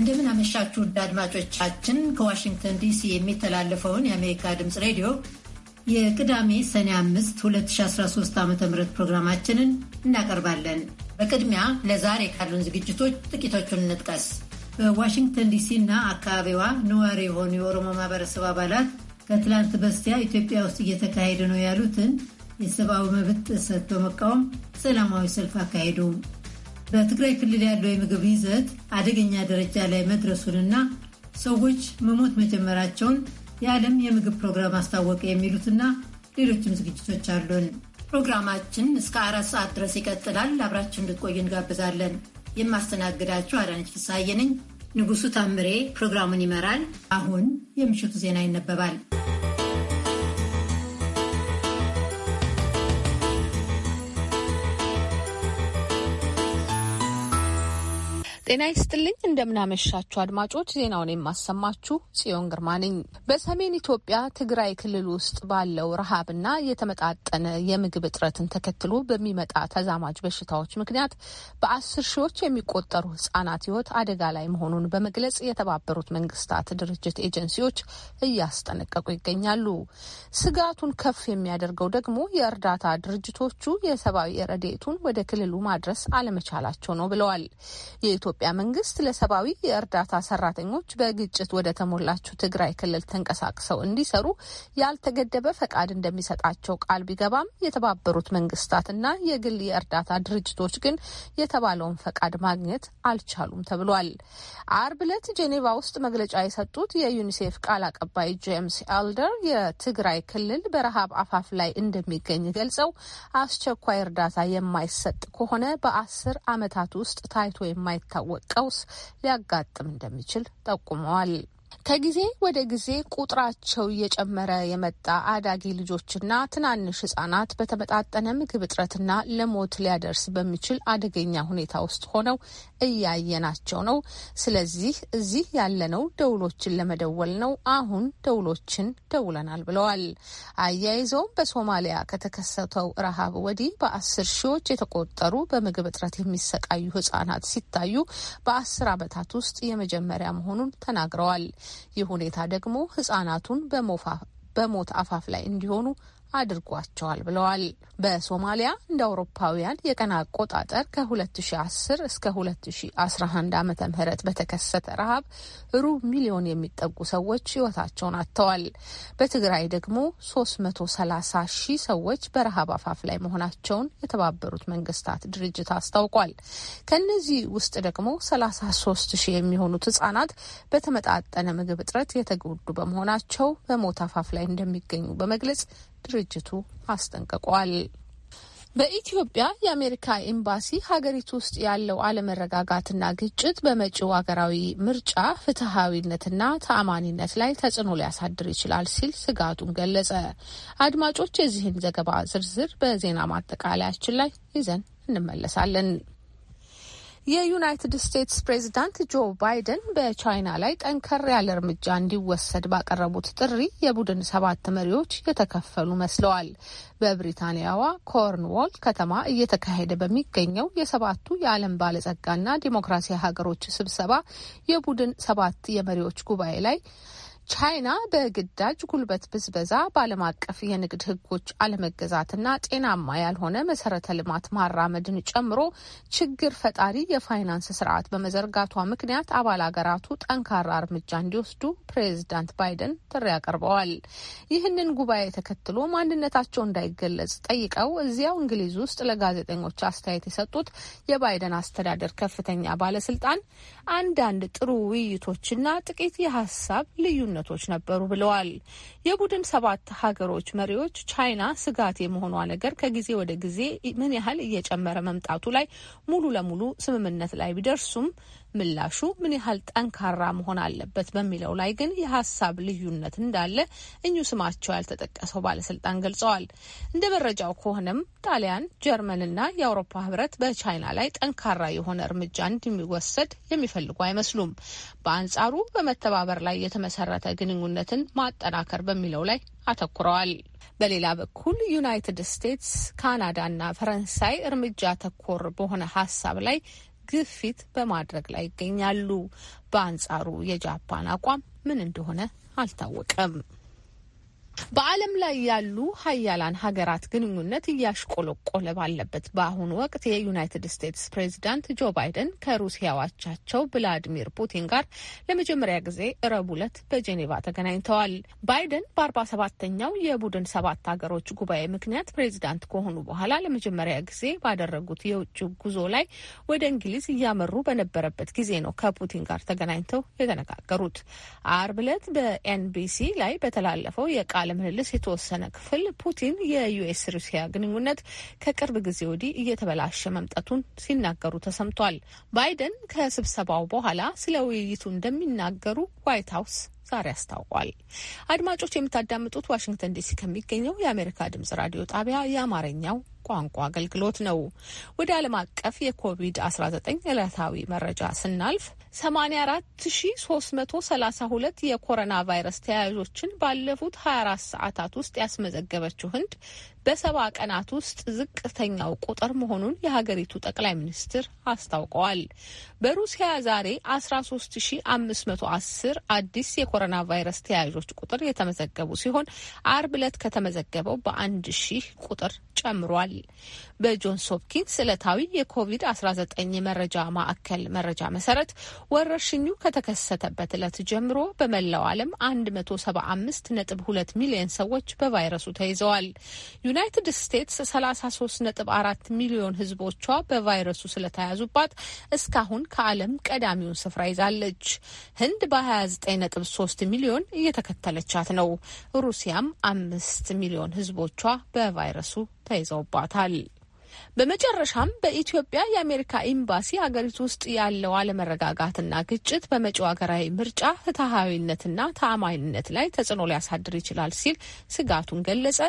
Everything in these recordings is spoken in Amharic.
እንደምን አመሻችሁ ውድ አድማጮቻችን። ከዋሽንግተን ዲሲ የሚተላለፈውን የአሜሪካ ድምፅ ሬዲዮ የቅዳሜ ሰኔ 5 2013 ዓ ም ፕሮግራማችንን እናቀርባለን። በቅድሚያ ለዛሬ ካሉን ዝግጅቶች ጥቂቶቹን እንጥቀስ። በዋሽንግተን ዲሲ እና አካባቢዋ ነዋሪ የሆኑ የኦሮሞ ማህበረሰብ አባላት ከትላንት በስቲያ ኢትዮጵያ ውስጥ እየተካሄደ ነው ያሉትን የሰብአዊ መብት ጥሰት በመቃወም ሰላማዊ ሰልፍ አካሄዱ። በትግራይ ክልል ያለው የምግብ ይዘት አደገኛ ደረጃ ላይ መድረሱንና ሰዎች መሞት መጀመራቸውን የዓለም የምግብ ፕሮግራም አስታወቀ የሚሉትና ሌሎችም ዝግጅቶች አሉን። ፕሮግራማችን እስከ አራት ሰዓት ድረስ ይቀጥላል። አብራችን እንድትቆይ እንጋብዛለን። የማስተናግዳችሁ አዳነች ፍስሐዬ ነኝ። ንጉሱ ታምሬ ፕሮግራሙን ይመራል። አሁን የምሽቱ ዜና ይነበባል። ጤና ይስጥልኝ እንደምናመሻችሁ አድማጮች፣ ዜናውን የማሰማችሁ ጽዮን ግርማ ነኝ። በሰሜን ኢትዮጵያ ትግራይ ክልል ውስጥ ባለው ረሃብና የተመጣጠነ የምግብ እጥረትን ተከትሎ በሚመጣ ተዛማጅ በሽታዎች ምክንያት በአስር ሺዎች የሚቆጠሩ ህጻናት ህይወት አደጋ ላይ መሆኑን በመግለጽ የተባበሩት መንግስታት ድርጅት ኤጀንሲዎች እያስጠነቀቁ ይገኛሉ። ስጋቱን ከፍ የሚያደርገው ደግሞ የእርዳታ ድርጅቶቹ የሰብአዊ ረዴቱን ወደ ክልሉ ማድረስ አለመቻላቸው ነው ብለዋል። የኢትዮጵያ መንግስት ለሰብአዊ የእርዳታ ሰራተኞች በግጭት ወደ ተሞላችው ትግራይ ክልል ተንቀሳቅሰው እንዲሰሩ ያልተገደበ ፈቃድ እንደሚሰጣቸው ቃል ቢገባም የተባበሩት መንግስታትና የግል የእርዳታ ድርጅቶች ግን የተባለውን ፈቃድ ማግኘት አልቻሉም ተብሏል። አርብ ዕለት ጄኔቫ ውስጥ መግለጫ የሰጡት የዩኒሴፍ ቃል አቀባይ ጄምስ ኤልደር የትግራይ ክልል በረሃብ አፋፍ ላይ እንደሚገኝ ገልጸው አስቸኳይ እርዳታ የማይሰጥ ከሆነ በአስር ዓመታት ውስጥ ታይቶ የማይታወቅ የሚታወቅ ቀውስ ሊያጋጥም እንደሚችል ጠቁመዋል። ከጊዜ ወደ ጊዜ ቁጥራቸው እየጨመረ የመጣ አዳጊ ልጆችና ትናንሽ ህጻናት በተመጣጠነ ምግብ እጥረትና ለሞት ሊያደርስ በሚችል አደገኛ ሁኔታ ውስጥ ሆነው እያየናቸው ነው። ስለዚህ እዚህ ያለነው ደውሎችን ለመደወል ነው። አሁን ደውሎችን ደውለናል ብለዋል። አያይዘውም በሶማሊያ ከተከሰተው ረሃብ ወዲህ በአስር ሺዎች የተቆጠሩ በምግብ እጥረት የሚሰቃዩ ህጻናት ሲታዩ በአስር ዓመታት ውስጥ የመጀመሪያ መሆኑን ተናግረዋል። ይህ ሁኔታ ደግሞ ህጻናቱን በሞት አፋፍ ላይ እንዲሆኑ አድርጓቸዋል ብለዋል። በሶማሊያ እንደ አውሮፓውያን የቀን አቆጣጠር ከ2010 እስከ 2011 ዓ ም በተከሰተ ረሃብ ሩብ ሚሊዮን የሚጠጉ ሰዎች ህይወታቸውን አጥተዋል። በትግራይ ደግሞ 330 ሺህ ሰዎች በረሃብ አፋፍ ላይ መሆናቸውን የተባበሩት መንግስታት ድርጅት አስታውቋል። ከእነዚህ ውስጥ ደግሞ 33 ሺህ የሚሆኑት ህጻናት በተመጣጠነ ምግብ እጥረት የተጎዱ በመሆናቸው በሞት አፋፍ ላይ እንደሚገኙ በመግለጽ ድርጅቱ አስጠንቅቋል። በኢትዮጵያ የአሜሪካ ኤምባሲ ሀገሪቱ ውስጥ ያለው አለመረጋጋትና ግጭት በመጪው ሀገራዊ ምርጫ ፍትሐዊነትና ተአማኒነት ላይ ተጽዕኖ ሊያሳድር ይችላል ሲል ስጋቱን ገለጸ። አድማጮች የዚህን ዘገባ ዝርዝር በዜና ማጠቃለያችን ላይ ይዘን እንመለሳለን። የዩናይትድ ስቴትስ ፕሬዚዳንት ጆ ባይደን በቻይና ላይ ጠንከር ያለ እርምጃ እንዲወሰድ ባቀረቡት ጥሪ የቡድን ሰባት መሪዎች የተከፈሉ መስለዋል። በብሪታንያዋ ኮርንዋል ከተማ እየተካሄደ በሚገኘው የሰባቱ የዓለም ባለጸጋና ዲሞክራሲ ሀገሮች ስብሰባ የቡድን ሰባት የመሪዎች ጉባኤ ላይ ቻይና በግዳጅ ጉልበት ብዝበዛ በዓለም አቀፍ የንግድ ሕጎች አለመገዛትና ጤናማ ያልሆነ መሰረተ ልማት ማራመድን ጨምሮ ችግር ፈጣሪ የፋይናንስ ስርዓት በመዘርጋቷ ምክንያት አባል ሀገራቱ ጠንካራ እርምጃ እንዲወስዱ ፕሬዚዳንት ባይደን ጥሪ አቅርበዋል። ይህንን ጉባኤ ተከትሎ ማንነታቸው እንዳይገለጽ ጠይቀው እዚያው እንግሊዝ ውስጥ ለጋዜጠኞች አስተያየት የሰጡት የባይደን አስተዳደር ከፍተኛ ባለስልጣን አንዳንድ ጥሩ ውይይቶችና ጥቂት የሀሳብ ልዩነት ልዩነቶች ነበሩ ብለዋል። የቡድን ሰባት ሀገሮች መሪዎች ቻይና ስጋት የመሆኗ ነገር ከጊዜ ወደ ጊዜ ምን ያህል እየጨመረ መምጣቱ ላይ ሙሉ ለሙሉ ስምምነት ላይ ቢደርሱም ምላሹ ምን ያህል ጠንካራ መሆን አለበት በሚለው ላይ ግን የሀሳብ ልዩነት እንዳለ እኙ ስማቸው ያልተጠቀሰው ባለስልጣን ገልጸዋል። እንደ መረጃው ከሆነም ጣሊያን፣ ጀርመንና የአውሮፓ ህብረት በቻይና ላይ ጠንካራ የሆነ እርምጃ እንደሚወሰድ የሚፈልጉ አይመስሉም። በአንጻሩ በመተባበር ላይ የተመሰረተ ግንኙነትን ማጠናከር በሚለው ላይ አተኩረዋል። በሌላ በኩል ዩናይትድ ስቴትስ፣ ካናዳና ፈረንሳይ እርምጃ ተኮር በሆነ ሀሳብ ላይ ግፊት በማድረግ ላይ ይገኛሉ። በአንጻሩ የጃፓን አቋም ምን እንደሆነ አልታወቀም። በዓለም ላይ ያሉ ሀያላን ሀገራት ግንኙነት እያሽቆለቆለ ባለበት በአሁኑ ወቅት የዩናይትድ ስቴትስ ፕሬዚዳንት ጆ ባይደን ከሩሲያ አቻቸው ቭላዲሚር ፑቲን ጋር ለመጀመሪያ ጊዜ ረቡዕ ዕለት በጄኔቫ ተገናኝተዋል። ባይደን በአርባ ሰባተኛው የቡድን ሰባት ሀገሮች ጉባኤ ምክንያት ፕሬዚዳንት ከሆኑ በኋላ ለመጀመሪያ ጊዜ ባደረጉት የውጭ ጉዞ ላይ ወደ እንግሊዝ እያመሩ በነበረበት ጊዜ ነው ከፑቲን ጋር ተገናኝተው የተነጋገሩት። አርብ ዕለት በኤንቢሲ ላይ በተላለፈው የቃል ቃለ ምልልስ የተወሰነ ክፍል ፑቲን የዩኤስ ሩሲያ ግንኙነት ከቅርብ ጊዜ ወዲህ እየተበላሸ መምጣቱን ሲናገሩ ተሰምቷል። ባይደን ከስብሰባው በኋላ ስለ ውይይቱ እንደሚናገሩ ዋይት ሀውስ ዛሬ አስታውቋል። አድማጮች የምታዳምጡት ዋሽንግተን ዲሲ ከሚገኘው የአሜሪካ ድምጽ ራዲዮ ጣቢያ የአማርኛው ቋንቋ አገልግሎት ነው። ወደ ዓለም አቀፍ የኮቪድ-19 ዕለታዊ መረጃ ስናልፍ 84332 የኮሮና ቫይረስ ተያያዦችን ባለፉት 24 ሰዓታት ውስጥ ያስመዘገበችው ህንድ በሰባ ቀናት ውስጥ ዝቅተኛው ቁጥር መሆኑን የሀገሪቱ ጠቅላይ ሚኒስትር አስታውቀዋል። በሩሲያ ዛሬ 13510 አዲስ የኮሮና ቫይረስ ተያያዦች ቁጥር የተመዘገቡ ሲሆን አርብ ዕለት ከተመዘገበው በአንድ ሺህ ቁጥር ጨምሯል። በጆንስ ሆፕኪንስ ዕለታዊ የኮቪድ-19 መረጃ ማዕከል መረጃ መሰረት ወረርሽኙ ከተከሰተበት ዕለት ጀምሮ በመላው ዓለም 175.2 ሚሊዮን ሰዎች በቫይረሱ ተይዘዋል። ዩናይትድ ስቴትስ 33.4 ሚሊዮን ሕዝቦቿ በቫይረሱ ስለተያዙባት እስካሁን ከዓለም ቀዳሚውን ስፍራ ይዛለች። ህንድ በ29.3 ሚሊዮን እየተከተለቻት ነው። ሩሲያም አምስት ሚሊዮን ህዝቦቿ በቫይረሱ ተይዘውባታል። በመጨረሻም በኢትዮጵያ የአሜሪካ ኤምባሲ ሀገሪቱ ውስጥ ያለው አለመረጋጋትና ግጭት በመጪው ሀገራዊ ምርጫ ፍትሐዊነትና ተአማኝነት ላይ ተጽዕኖ ሊያሳድር ይችላል ሲል ስጋቱን ገለጸ።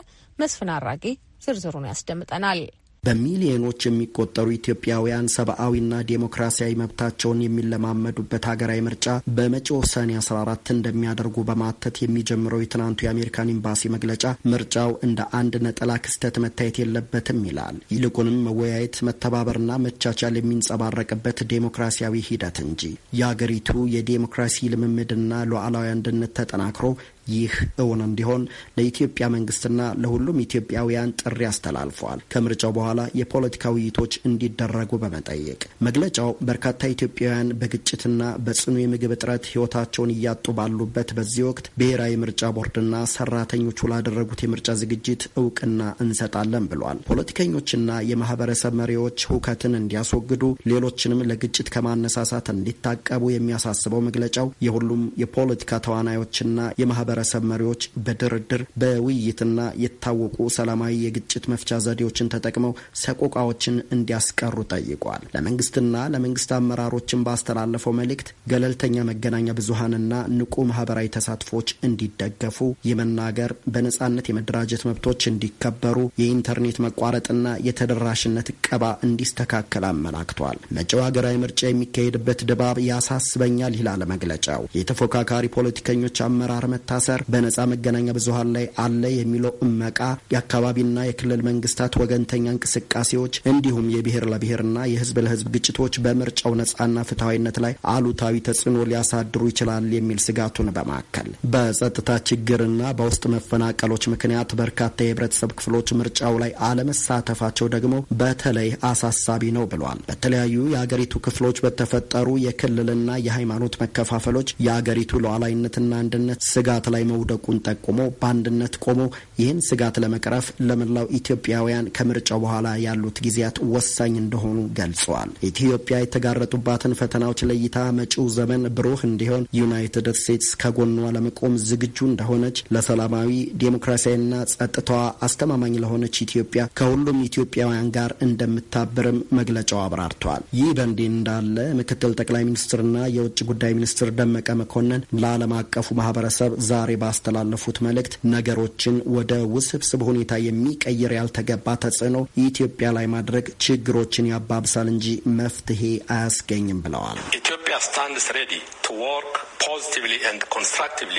መስፍን አራጌ ዝርዝሩን ያስደምጠናል። በሚሊዮኖች የሚቆጠሩ ኢትዮጵያውያን ሰብአዊና ዴሞክራሲያዊ መብታቸውን የሚለማመዱበት ሀገራዊ ምርጫ በመጪው ሰኔ 14 እንደሚያደርጉ በማተት የሚጀምረው የትናንቱ የአሜሪካን ኤምባሲ መግለጫ ምርጫው እንደ አንድ ነጠላ ክስተት መታየት የለበትም ይላል። ይልቁንም መወያየት፣ መተባበርና መቻቻል የሚንጸባረቅበት ዴሞክራሲያዊ ሂደት እንጂ የአገሪቱ የዴሞክራሲ ልምምድና ሉዓላዊ አንድነት ተጠናክሮ ይህ እውን እንዲሆን ለኢትዮጵያ መንግስትና ለሁሉም ኢትዮጵያውያን ጥሪ አስተላልፏል። ከምርጫው በኋላ የፖለቲካ ውይይቶች እንዲደረጉ በመጠየቅ መግለጫው በርካታ ኢትዮጵያውያን በግጭትና በጽኑ የምግብ እጥረት ህይወታቸውን እያጡ ባሉበት በዚህ ወቅት ብሔራዊ ምርጫ ቦርድና ሰራተኞቹ ላደረጉት የምርጫ ዝግጅት እውቅና እንሰጣለን ብሏል። ፖለቲከኞችና የማህበረሰብ መሪዎች ሁከትን እንዲያስወግዱ፣ ሌሎችንም ለግጭት ከማነሳሳት እንዲታቀቡ የሚያሳስበው መግለጫው የሁሉም የፖለቲካ ተዋናዮችና የማህበረ ማህበረሰብ መሪዎች በድርድር በውይይትና የታወቁ ሰላማዊ የግጭት መፍቻ ዘዴዎችን ተጠቅመው ሰቆቃዎችን እንዲያስቀሩ ጠይቋል። ለመንግስትና ለመንግስት አመራሮችን ባስተላለፈው መልእክት ገለልተኛ መገናኛ ብዙሀንና ንቁ ማህበራዊ ተሳትፎች እንዲደገፉ፣ የመናገር በነጻነት የመደራጀት መብቶች እንዲከበሩ፣ የኢንተርኔት መቋረጥና የተደራሽነት እቀባ እንዲስተካከል አመላክቷል። መጪው ሀገራዊ ምርጫ የሚካሄድበት ድባብ ያሳስበኛል ይላል መግለጫው። የተፎካካሪ ፖለቲከኞች አመራር መታሰ መታሰር በነጻ መገናኛ ብዙሀን ላይ አለ የሚለው እመቃ የአካባቢና የክልል መንግስታት ወገንተኛ እንቅስቃሴዎች እንዲሁም የብሔር ለብሔርና የህዝብ ለህዝብ ግጭቶች በምርጫው ነጻና ፍትሐዊነት ላይ አሉታዊ ተጽዕኖ ሊያሳድሩ ይችላል የሚል ስጋቱን በማከል በጸጥታ ችግርና በውስጥ መፈናቀሎች ምክንያት በርካታ የህብረተሰብ ክፍሎች ምርጫው ላይ አለመሳተፋቸው ደግሞ በተለይ አሳሳቢ ነው ብሏል። በተለያዩ የአገሪቱ ክፍሎች በተፈጠሩ የክልልና የሃይማኖት መከፋፈሎች የአገሪቱ ሉዓላዊነትና አንድነት ስጋት ላይ ላይ መውደቁን ጠቁሞ በአንድነት ቆሞ ይህን ስጋት ለመቅረፍ ለመላው ኢትዮጵያውያን ከምርጫው በኋላ ያሉት ጊዜያት ወሳኝ እንደሆኑ ገልጸዋል። ኢትዮጵያ የተጋረጡባትን ፈተናዎች ለይታ መጪው ዘመን ብሩህ እንዲሆን ዩናይትድ ስቴትስ ከጎኗ ለመቆም ዝግጁ እንደሆነች ለሰላማዊ ዴሞክራሲያዊና ጸጥታዋ አስተማማኝ ለሆነች ኢትዮጵያ ከሁሉም ኢትዮጵያውያን ጋር እንደምታብርም መግለጫው አብራርቷል። ይህ በእንዲህ እንዳለ ምክትል ጠቅላይ ሚኒስትርና የውጭ ጉዳይ ሚኒስትር ደመቀ መኮንን ለዓለም አቀፉ ማህበረሰብ ዛ ዛሬ ባስተላለፉት መልእክት ነገሮችን ወደ ውስብስብ ሁኔታ የሚቀይር ያልተገባ ተጽዕኖ ኢትዮጵያ ላይ ማድረግ ችግሮችን ያባብሳል እንጂ መፍትሄ አያስገኝም ብለዋል። ኢትዮጵያ ስታንድስ ሬዲ ቱ ወርክ ፖዚቲቭሊ ኤንድ ኮንስትራክቲቭሊ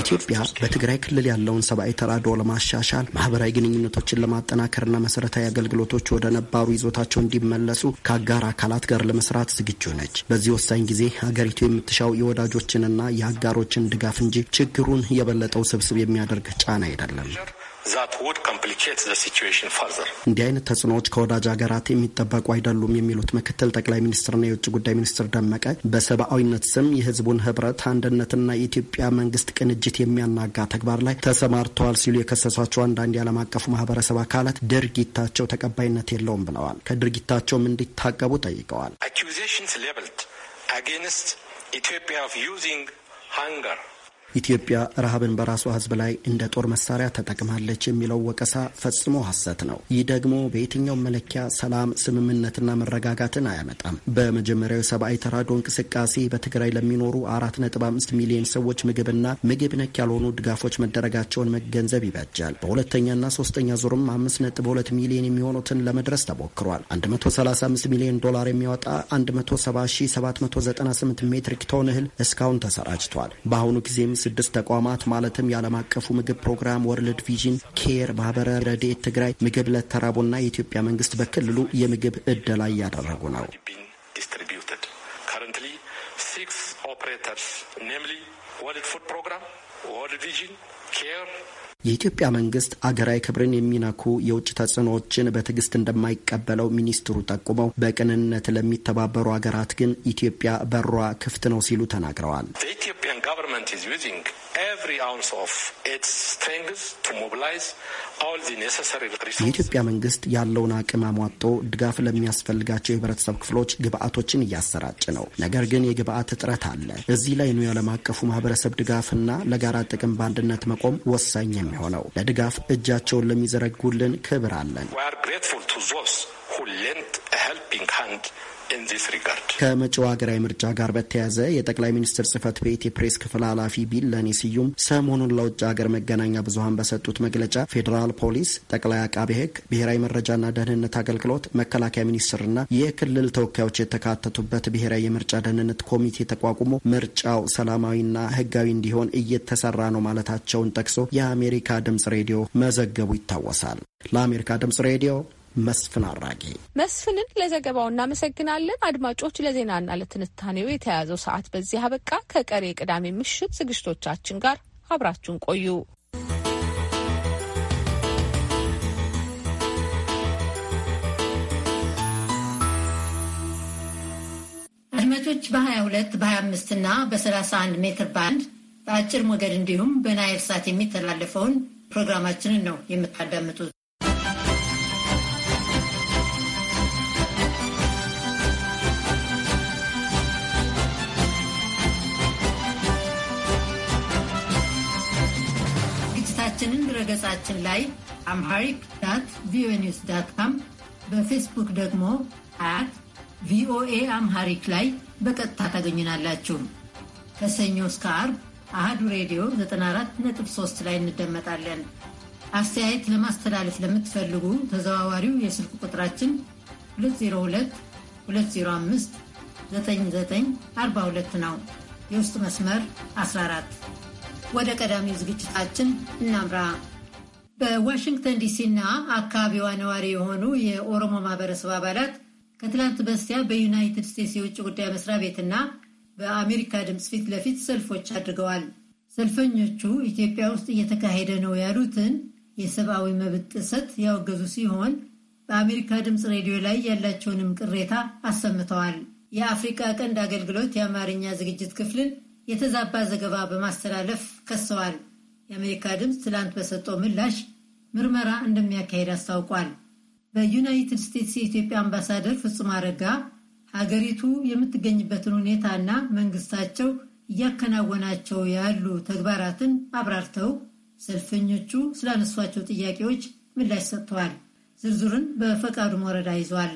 ኢትዮጵያ በትግራይ ክልል ያለውን ሰብአዊ ተራድኦ ለማሻሻል ማህበራዊ ግንኙነቶችን ለማጠናከርና መሰረታዊ አገልግሎቶች ወደ ነባሩ ይዞታቸው እንዲመለሱ ከአጋር አካላት ጋር ለመስራት ዝግጁ ነች። በዚህ ወሳኝ ጊዜ ሀገሪቱ የምትሻው የወዳጆችንና የአጋሮችን ድጋፍ እንጂ ችግሩን የበለጠው ስብስብ የሚያደርግ ጫና አይደለም። እንዲህ አይነት ተጽዕኖዎች ከወዳጅ ሀገራት የሚጠበቁ አይደሉም የሚሉት ምክትል ጠቅላይ ሚኒስትርና የውጭ ጉዳይ ሚኒስትር ደመቀ በሰብአዊነት ስም የህዝቡን ህብረት አንድነትና የኢትዮጵያ መንግስት ቅንጅት የሚያናጋ ተግባር ላይ ተሰማርተዋል ሲሉ የከሰሷቸው አንዳንድ የዓለም አቀፉ ማህበረሰብ አካላት ድርጊታቸው ተቀባይነት የለውም ብለዋል። ከድርጊታቸውም እንዲታቀቡ ጠይቀዋል። ኢትዮጵያ ዩዚንግ ሃንገር ኢትዮጵያ ረሃብን በራሷ ሕዝብ ላይ እንደ ጦር መሳሪያ ተጠቅማለች የሚለው ወቀሳ ፈጽሞ ሐሰት ነው። ይህ ደግሞ በየትኛውም መለኪያ ሰላም፣ ስምምነትና መረጋጋትን አያመጣም። በመጀመሪያው ሰብአዊ ተራድኦ እንቅስቃሴ በትግራይ ለሚኖሩ አራት ነጥብ አምስት ሚሊዮን ሰዎች ምግብና ምግብ ነክ ያልሆኑ ድጋፎች መደረጋቸውን መገንዘብ ይበጃል። በሁለተኛና ሶስተኛ ዙርም አምስት ነጥብ ሁለት ሚሊዮን የሚሆኑትን ለመድረስ ተሞክሯል። 135 ሚሊዮን ዶላር የሚያወጣ 170,798 ሜትሪክ ቶን እህል እስካሁን ተሰራጭቷል። በአሁኑ ጊዜም ስድስት ተቋማት ማለትም የዓለም አቀፉ ምግብ ፕሮግራም፣ ወርልድ ቪዥን፣ ኬር፣ ማህበረ ረድኤት ትግራይ፣ ምግብ ለተራቡና የኢትዮጵያ መንግስት በክልሉ የምግብ እደላ እያደረጉ ነው። ኦፕሬተርስ ኔምሊ ወርልድ ፉድ ፕሮግራም፣ ወርልድ ቪዥን፣ ኬር የኢትዮጵያ መንግስት አገራዊ ክብርን የሚነኩ የውጭ ተጽዕኖዎችን በትዕግስት እንደማይቀበለው ሚኒስትሩ ጠቁመው በቅንነት ለሚተባበሩ አገራት ግን ኢትዮጵያ በሯ ክፍት ነው ሲሉ ተናግረዋል። የኢትዮጵያ መንግስት ያለውን አቅም አሟጦ ድጋፍ ለሚያስፈልጋቸው የህብረተሰብ ክፍሎች ግብአቶችን እያሰራጭ ነው። ነገር ግን የግብአት እጥረት አለ። እዚህ ላይ ነው የዓለም አቀፉ ማህበረሰብ ድጋፍና ለጋራ ጥቅም በአንድነት መቆም ወሳኝ የሚሆነው። ለድጋፍ እጃቸውን ለሚዘረጉልን ክብር አለን። ከመጪው ሀገራዊ ምርጫ ጋር በተያያዘ የጠቅላይ ሚኒስትር ጽህፈት ቤት የፕሬስ ክፍል ኃላፊ ቢለኔ ስዩም ሰሞኑን ለውጭ ሀገር መገናኛ ብዙሀን በሰጡት መግለጫ ፌዴራል ፖሊስ፣ ጠቅላይ አቃቤ ህግ፣ ብሔራዊ መረጃና ደህንነት አገልግሎት፣ መከላከያ ሚኒስትርና የክልል ተወካዮች የተካተቱበት ብሔራዊ የምርጫ ደህንነት ኮሚቴ ተቋቁሞ ምርጫው ሰላማዊና ህጋዊ እንዲሆን እየተሰራ ነው ማለታቸውን ጠቅሶ የአሜሪካ ድምጽ ሬዲዮ መዘገቡ ይታወሳል። ለአሜሪካ ድምጽ ሬዲዮ መስፍን አራጌ። መስፍንን ለዘገባው እናመሰግናለን። አድማጮች፣ ለዜናና ለትንታኔው የተያዘው ሰዓት በዚህ አበቃ። ከቀሪ የቅዳሜ ምሽት ዝግጅቶቻችን ጋር አብራችሁን ቆዩ። አድማጮች በ22 በ25 እና በ31 ሜትር ባንድ በአጭር ሞገድ እንዲሁም በናይል ሳት የሚተላለፈውን ፕሮግራማችንን ነው የምታዳምጡት። ዝግጅታችንን ድረገጻችን ላይ አምሃሪክ ዳት ቪኦኤ ኒውስ ዳት ካም በፌስቡክ ደግሞ አት ቪኦኤ አምሃሪክ ላይ በቀጥታ ታገኝናላችሁ። ከሰኞ እስከ አርብ አህዱ ሬዲዮ 94.3 ላይ እንደመጣለን። አስተያየት ለማስተላለፍ ለምትፈልጉ ተዘዋዋሪው የስልክ ቁጥራችን 2022059942 ነው። የውስጥ መስመር 14 ወደ ቀዳሚው ዝግጅታችን እናምራ። በዋሽንግተን ዲሲና አካባቢዋ ነዋሪ የሆኑ የኦሮሞ ማህበረሰብ አባላት ከትላንት በስቲያ በዩናይትድ ስቴትስ የውጭ ጉዳይ መስሪያ ቤትና በአሜሪካ ድምፅ ፊት ለፊት ሰልፎች አድርገዋል። ሰልፈኞቹ ኢትዮጵያ ውስጥ እየተካሄደ ነው ያሉትን የሰብአዊ መብት ጥሰት ያወገዙ ሲሆን በአሜሪካ ድምፅ ሬዲዮ ላይ ያላቸውንም ቅሬታ አሰምተዋል። የአፍሪካ ቀንድ አገልግሎት የአማርኛ ዝግጅት ክፍልን የተዛባ ዘገባ በማስተላለፍ ከሰዋል። የአሜሪካ ድምፅ ትላንት በሰጠው ምላሽ ምርመራ እንደሚያካሄድ አስታውቋል። በዩናይትድ ስቴትስ የኢትዮጵያ አምባሳደር ፍጹም አረጋ ሀገሪቱ የምትገኝበትን ሁኔታና መንግስታቸው እያከናወናቸው ያሉ ተግባራትን አብራርተው ሰልፈኞቹ ስላነሷቸው ጥያቄዎች ምላሽ ሰጥተዋል። ዝርዝሩን በፈቃዱ መረዳ ይዟል።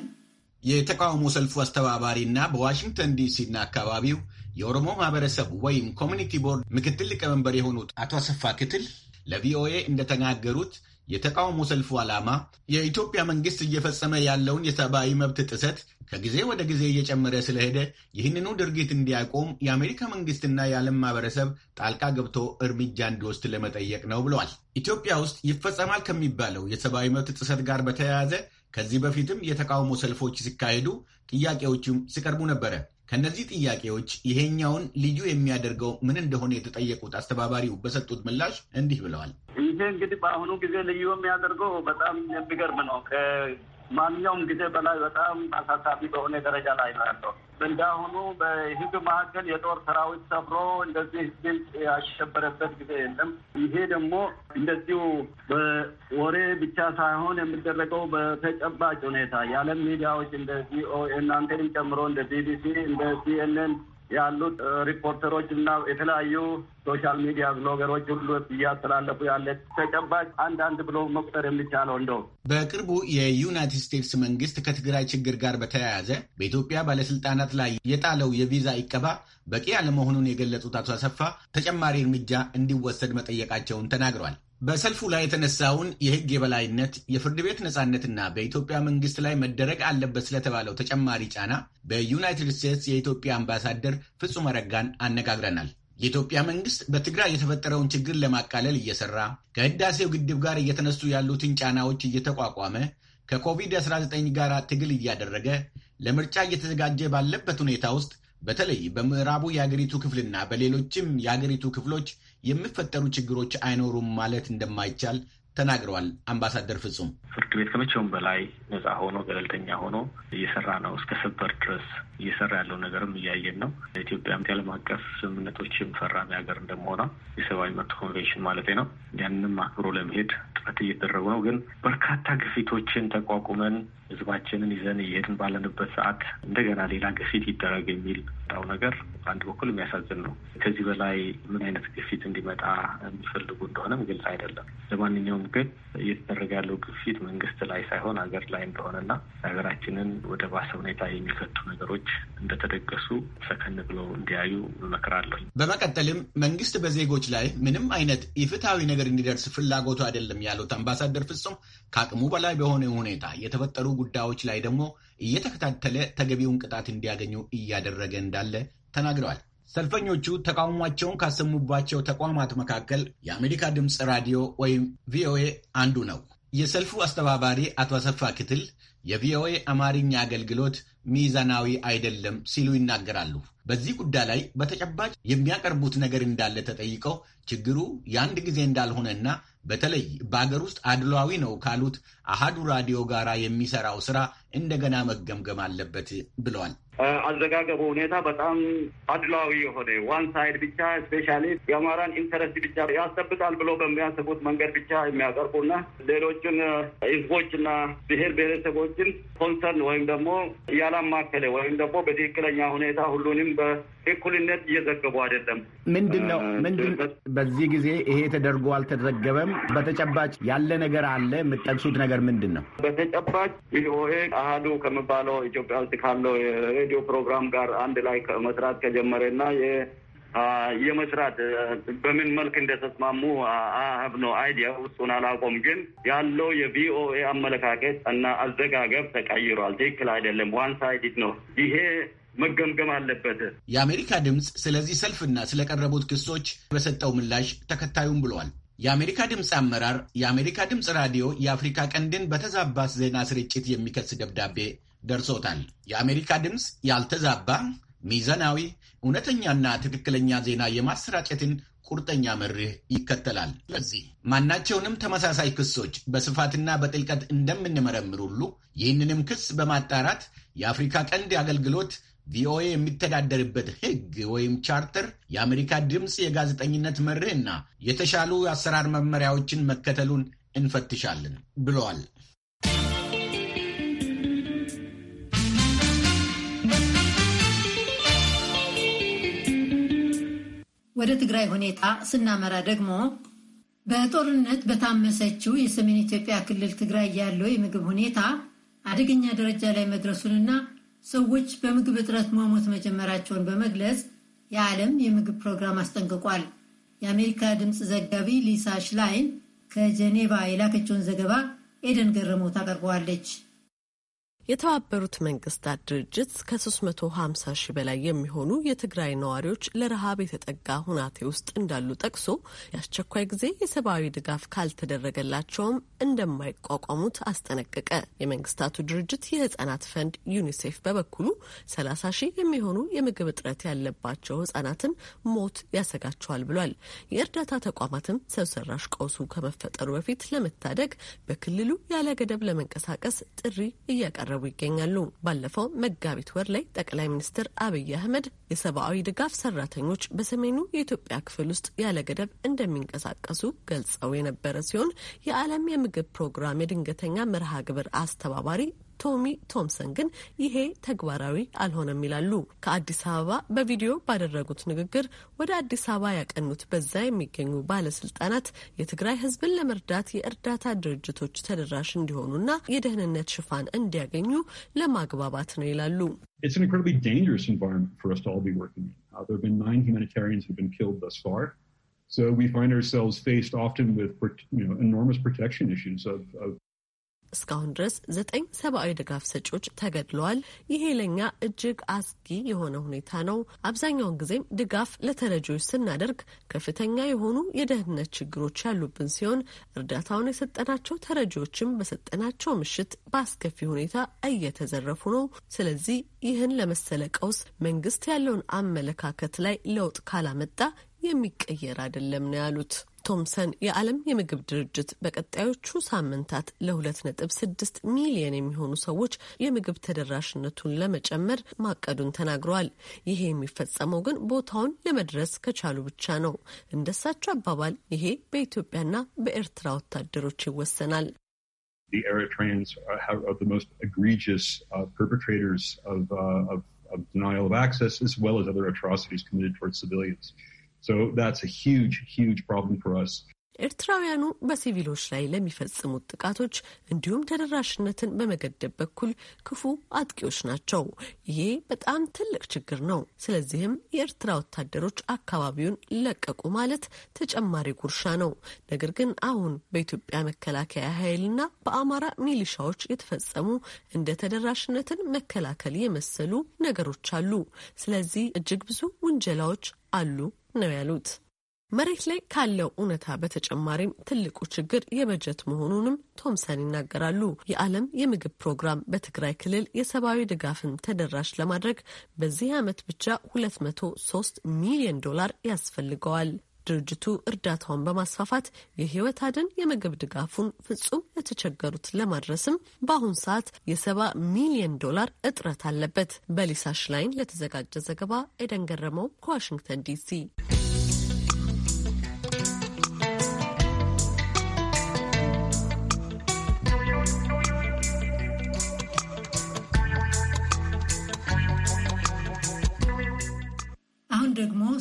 የተቃውሞ ሰልፉ አስተባባሪና በዋሽንግተን ዲሲና አካባቢው የኦሮሞ ማህበረሰብ ወይም ኮሚኒቲ ቦርድ ምክትል ሊቀመንበር የሆኑት አቶ አሰፋ ክትል ለቪኦኤ እንደተናገሩት የተቃውሞ ሰልፉ ዓላማ የኢትዮጵያ መንግስት እየፈጸመ ያለውን የሰብአዊ መብት ጥሰት ከጊዜ ወደ ጊዜ እየጨመረ ስለሄደ ይህንኑ ድርጊት እንዲያቆም የአሜሪካ መንግስትና የዓለም ማህበረሰብ ጣልቃ ገብቶ እርምጃ እንዲወስድ ለመጠየቅ ነው ብለዋል። ኢትዮጵያ ውስጥ ይፈጸማል ከሚባለው የሰብአዊ መብት ጥሰት ጋር በተያያዘ ከዚህ በፊትም የተቃውሞ ሰልፎች ሲካሄዱ ጥያቄዎችም ሲቀርቡ ነበረ። ከእነዚህ ጥያቄዎች ይሄኛውን ልዩ የሚያደርገው ምን እንደሆነ የተጠየቁት አስተባባሪው በሰጡት ምላሽ እንዲህ ብለዋል። ይሄ እንግዲህ በአሁኑ ጊዜ ልዩ የሚያደርገው በጣም የሚገርም ነው። ማንኛውም ጊዜ በላይ በጣም አሳሳቢ በሆነ ደረጃ ላይ ነው ያለው። እንዳሁኑ በህዝብ መካከል የጦር ሰራዊት ሰፍሮ እንደዚህ ህዝብን ያሸበረበት ጊዜ የለም። ይሄ ደግሞ እንደዚሁ በወሬ ብቻ ሳይሆን የሚደረገው በተጨባጭ ሁኔታ የዓለም ሚዲያዎች እንደ ቪኦኤ እናንተንም ጨምሮ እንደ ቢቢሲ እንደ ሲኤንኤን ያሉት ሪፖርተሮች እና የተለያዩ ሶሻል ሚዲያ ብሎገሮች ሁሉ እያስተላለፉ ያለ ተጨባጭ አንዳንድ ብሎ መቁጠር የሚቻለው እንደው በቅርቡ የዩናይትድ ስቴትስ መንግስት ከትግራይ ችግር ጋር በተያያዘ በኢትዮጵያ ባለስልጣናት ላይ የጣለው የቪዛ ይቀባ በቂ አለመሆኑን የገለጹት አቶ አሰፋ ተጨማሪ እርምጃ እንዲወሰድ መጠየቃቸውን ተናግሯል። በሰልፉ ላይ የተነሳውን የህግ የበላይነት የፍርድ ቤት ነፃነትና በኢትዮጵያ መንግስት ላይ መደረግ አለበት ስለተባለው ተጨማሪ ጫና በዩናይትድ ስቴትስ የኢትዮጵያ አምባሳደር ፍጹም አረጋን አነጋግረናል። የኢትዮጵያ መንግስት በትግራይ የተፈጠረውን ችግር ለማቃለል እየሰራ ከህዳሴው ግድብ ጋር እየተነሱ ያሉትን ጫናዎች እየተቋቋመ ከኮቪድ-19 ጋር ትግል እያደረገ ለምርጫ እየተዘጋጀ ባለበት ሁኔታ ውስጥ በተለይ በምዕራቡ የአገሪቱ ክፍልና በሌሎችም የአገሪቱ ክፍሎች የሚፈጠሩ ችግሮች አይኖሩም ማለት እንደማይቻል ተናግረዋል። አምባሳደር ፍጹም ፍርድ ቤት ከመቼውም በላይ ነጻ ሆኖ ገለልተኛ ሆኖ እየሰራ ነው። እስከ ሰበር ድረስ እየሰራ ያለው ነገርም እያየን ነው። ኢትዮጵያም የዓለም አቀፍ ስምምነቶችም ፈራሚ ሀገር እንደመሆኗ የሰብአዊ መብት ኮንቬንሽን ማለት ነው ያንንም አክብሮ ለመሄድ ጥረት እየተደረጉ ነው። ግን በርካታ ግፊቶችን ተቋቁመን ህዝባችንን ይዘን እየሄድን ባለንበት ሰዓት እንደገና ሌላ ግፊት ይደረግ የሚል ጣው ነገር አንድ በኩል የሚያሳዝን ነው። ከዚህ በላይ ምን አይነት ግፊት እንዲመጣ የሚፈልጉ እንደሆነም ግልጽ አይደለም። ለማንኛውም ግን እየተደረገ ያለው ግፊት መንግስት ላይ ሳይሆን ሀገር ላይ እንደሆነና ሀገራችንን ወደ ባሰ ሁኔታ የሚከቱ ነገሮች እንደተደገሱ ሰከን ብለው እንዲያዩ እመክራለሁ። በመቀጠልም መንግስት በዜጎች ላይ ምንም አይነት የፍትሐዊ ነገር እንዲደርስ ፍላጎቱ አይደለም ያሉት አምባሳደር ፍጹም ከአቅሙ በላይ በሆነ ሁኔታ የተፈጠሩ ጉዳዮች ላይ ደግሞ እየተከታተለ ተገቢውን ቅጣት እንዲያገኙ እያደረገ እንዳለ ተናግረዋል። ሰልፈኞቹ ተቃውሟቸውን ካሰሙባቸው ተቋማት መካከል የአሜሪካ ድምፅ ራዲዮ ወይም ቪኦኤ አንዱ ነው። የሰልፉ አስተባባሪ አቶ አሰፋ ክትል የቪኦኤ አማርኛ አገልግሎት ሚዛናዊ አይደለም ሲሉ ይናገራሉ። በዚህ ጉዳይ ላይ በተጨባጭ የሚያቀርቡት ነገር እንዳለ ተጠይቀው ችግሩ የአንድ ጊዜ እንዳልሆነና በተለይ በአገር ውስጥ አድሏዊ ነው ካሉት አሃዱ ራዲዮ ጋር የሚሰራው ስራ እንደገና መገምገም አለበት ብለዋል። አዘጋገቡ ሁኔታ በጣም አድሏዊ የሆነ ዋን ሳይድ ብቻ ስፔሻሊ የአማራን ኢንተረስት ብቻ ያስጠብቃል ብሎ በሚያስቡት መንገድ ብቻ የሚያቀርቡና ሌሎችን ህዝቦችና ብሔር ብሔረሰቦችን ኮንሰርን ወይም ደግሞ እያላማከለ ወይም ደግሞ በትክክለኛ ሁኔታ ሁሉንም በእኩልነት እየዘገቡ አይደለም። ምንድን ነው ምንድን በዚህ ጊዜ ይሄ ተደርጎ አልተዘገበም። በተጨባጭ ያለ ነገር አለ የምጠቅሱት ነገር ነገር ምንድን ነው? በተጨባጭ ቪኦኤ አህዱ ከሚባለው ኢትዮጵያ ውስጥ ካለው የሬዲዮ ፕሮግራም ጋር አንድ ላይ መስራት ከጀመረ የመስራት በምን መልክ እንደተስማሙ አህብ ነው አይዲያ ውስጡን አላቆም፣ ግን ያለው የቪኦኤ አመለካከት እና አዘጋገብ ተቀይሯል። ትክክል አይደለም። ዋን ሳይዲድ ነው ይሄ መገምገም አለበት። የአሜሪካ ድምፅ ስለዚህ ሰልፍና ስለቀረቡት ክሶች በሰጠው ምላሽ ተከታዩም ብለዋል። የአሜሪካ ድምፅ አመራር የአሜሪካ ድምፅ ራዲዮ የአፍሪካ ቀንድን በተዛባ ዜና ስርጭት የሚከስ ደብዳቤ ደርሶታል። የአሜሪካ ድምፅ ያልተዛባ ሚዛናዊ፣ እውነተኛና ትክክለኛ ዜና የማሰራጨትን ቁርጠኛ መርህ ይከተላል። ለዚህ ማናቸውንም ተመሳሳይ ክሶች በስፋትና በጥልቀት እንደምንመረምር ሁሉ ይህንንም ክስ በማጣራት የአፍሪካ ቀንድ አገልግሎት ቪኦኤ የሚተዳደርበት ሕግ ወይም ቻርተር የአሜሪካ ድምፅ የጋዜጠኝነት መርህና የተሻሉ አሰራር መመሪያዎችን መከተሉን እንፈትሻለን ብለዋል። ወደ ትግራይ ሁኔታ ስናመራ ደግሞ በጦርነት በታመሰችው የሰሜን ኢትዮጵያ ክልል ትግራይ ያለው የምግብ ሁኔታ አደገኛ ደረጃ ላይ መድረሱንና ሰዎች በምግብ እጥረት መሞት መጀመራቸውን በመግለጽ የዓለም የምግብ ፕሮግራም አስጠንቅቋል። የአሜሪካ ድምፅ ዘጋቢ ሊሳ ሽላይን ከጀኔቫ የላከችውን ዘገባ ኤደን ገረመው ታቀርበዋለች። የተባበሩት መንግስታት ድርጅት ከ350 ሺህ በላይ የሚሆኑ የትግራይ ነዋሪዎች ለረሃብ የተጠጋ ሁናቴ ውስጥ እንዳሉ ጠቅሶ የአስቸኳይ ጊዜ የሰብአዊ ድጋፍ ካልተደረገላቸውም እንደማይቋቋሙት አስጠነቀቀ። የመንግስታቱ ድርጅት የህጻናት ፈንድ ዩኒሴፍ በበኩሉ 30 ሺህ የሚሆኑ የምግብ እጥረት ያለባቸው ህጻናትን ሞት ያሰጋቸዋል ብሏል። የእርዳታ ተቋማትም ሰው ሰራሽ ቀውሱ ከመፈጠሩ በፊት ለመታደግ በክልሉ ያለ ገደብ ለመንቀሳቀስ ጥሪ እያቀረቡ እያቀረቡ ይገኛሉ። ባለፈው መጋቢት ወር ላይ ጠቅላይ ሚኒስትር አብይ አህመድ የሰብአዊ ድጋፍ ሰራተኞች በሰሜኑ የኢትዮጵያ ክፍል ውስጥ ያለ ገደብ እንደሚንቀሳቀሱ ገልጸው የነበረ ሲሆን የዓለም የምግብ ፕሮግራም የድንገተኛ መርሃ ግብር አስተባባሪ ቶሚ ቶምሰን ግን ይሄ ተግባራዊ አልሆነም ይላሉ። ከአዲስ አበባ በቪዲዮ ባደረጉት ንግግር ወደ አዲስ አበባ ያቀኑት በዛ የሚገኙ ባለስልጣናት የትግራይ ሕዝብን ለመርዳት የእርዳታ ድርጅቶች ተደራሽ እንዲሆኑና የደህንነት ሽፋን እንዲያገኙ ለማግባባት ነው ይላሉ። uh, So we find ourselves faced often with you know, enormous protection issues of, of እስካሁን ድረስ ዘጠኝ ሰብአዊ ድጋፍ ሰጪዎች ተገድለዋል። ይሄ ለኛ እጅግ አስጊ የሆነ ሁኔታ ነው። አብዛኛውን ጊዜም ድጋፍ ለተረጂዎች ስናደርግ ከፍተኛ የሆኑ የደህንነት ችግሮች ያሉብን ሲሆን እርዳታውን የሰጠናቸው ተረጂዎችም በሰጠናቸው ምሽት በአስከፊ ሁኔታ እየተዘረፉ ነው። ስለዚህ ይህን ለመሰለ ቀውስ መንግስት ያለውን አመለካከት ላይ ለውጥ ካላመጣ የሚቀየር አይደለም ነው ያሉት። ቶምሰን የዓለም የምግብ ድርጅት በቀጣዮቹ ሳምንታት ለ2.6 ሚሊየን የሚሆኑ ሰዎች የምግብ ተደራሽነቱን ለመጨመር ማቀዱን ተናግረዋል። ይሄ የሚፈጸመው ግን ቦታውን ለመድረስ ከቻሉ ብቻ ነው። እንደሳቸው አባባል ይሄ በኢትዮጵያና በኤርትራ ወታደሮች ይወሰናል። The Eritreans are, the most egregious uh, perpetrators of, uh, of, of denial of access as well as other atrocities committed towards civilians. ኤርትራውያኑ በሲቪሎች ላይ ለሚፈጽሙት ጥቃቶች እንዲሁም ተደራሽነትን በመገደብ በኩል ክፉ አጥቂዎች ናቸው። ይሄ በጣም ትልቅ ችግር ነው። ስለዚህም የኤርትራ ወታደሮች አካባቢውን ለቀቁ ማለት ተጨማሪ ጉርሻ ነው። ነገር ግን አሁን በኢትዮጵያ መከላከያ ኃይልና በአማራ ሚሊሻዎች የተፈጸሙ እንደ ተደራሽነትን መከላከል የመሰሉ ነገሮች አሉ። ስለዚህ እጅግ ብዙ ውንጀላዎች አሉ ነው ያሉት። መሬት ላይ ካለው እውነታ በተጨማሪም ትልቁ ችግር የበጀት መሆኑንም ቶምሰን ይናገራሉ። የዓለም የምግብ ፕሮግራም በትግራይ ክልል የሰብአዊ ድጋፍን ተደራሽ ለማድረግ በዚህ ዓመት ብቻ 203 ሚሊዮን ዶላር ያስፈልገዋል። ድርጅቱ እርዳታውን በማስፋፋት የህይወት አድን የምግብ ድጋፉን ፍጹም ለተቸገሩት ለማድረስም በአሁን ሰዓት የሰባ ሚሊዮን ዶላር እጥረት አለበት። በሊሳ ሽላይን ለተዘጋጀ ዘገባ ኤደን ገረመው ከዋሽንግተን ዲሲ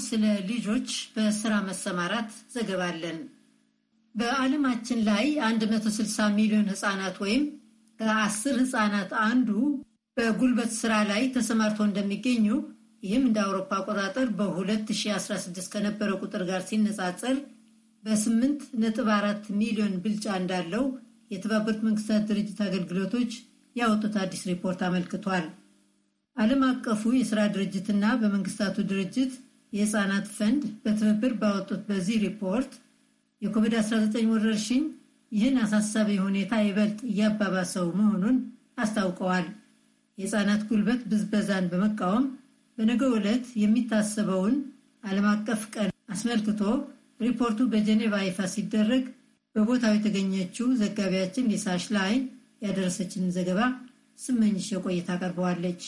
ስለ ልጆች በስራ መሰማራት ዘገባ አለን። በዓለማችን ላይ 160 ሚሊዮን ህፃናት ወይም ከአስር ህፃናት አንዱ በጉልበት ስራ ላይ ተሰማርቶ እንደሚገኙ ይህም እንደ አውሮፓ አቆጣጠር በ2016 ከነበረ ቁጥር ጋር ሲነጻጸር በ8.4 ሚሊዮን ብልጫ እንዳለው የተባበሩት መንግስታት ድርጅት አገልግሎቶች ያወጡት አዲስ ሪፖርት አመልክቷል። ዓለም አቀፉ የሥራ ድርጅትና በመንግስታቱ ድርጅት የህፃናት ፈንድ በትብብር ባወጡት በዚህ ሪፖርት የኮቪድ-19 ወረርሽኝ ይህን አሳሳቢ ሁኔታ ይበልጥ እያባባሰው መሆኑን አስታውቀዋል። የህፃናት ጉልበት ብዝበዛን በመቃወም በነገ ዕለት የሚታሰበውን ዓለም አቀፍ ቀን አስመልክቶ ሪፖርቱ በጀኔቫ ይፋ ሲደረግ በቦታው የተገኘችው ዘጋቢያችን ሊሳሽ ላይ ያደረሰችንን ዘገባ ስመኝሽ የቆይታ አቀርበዋለች።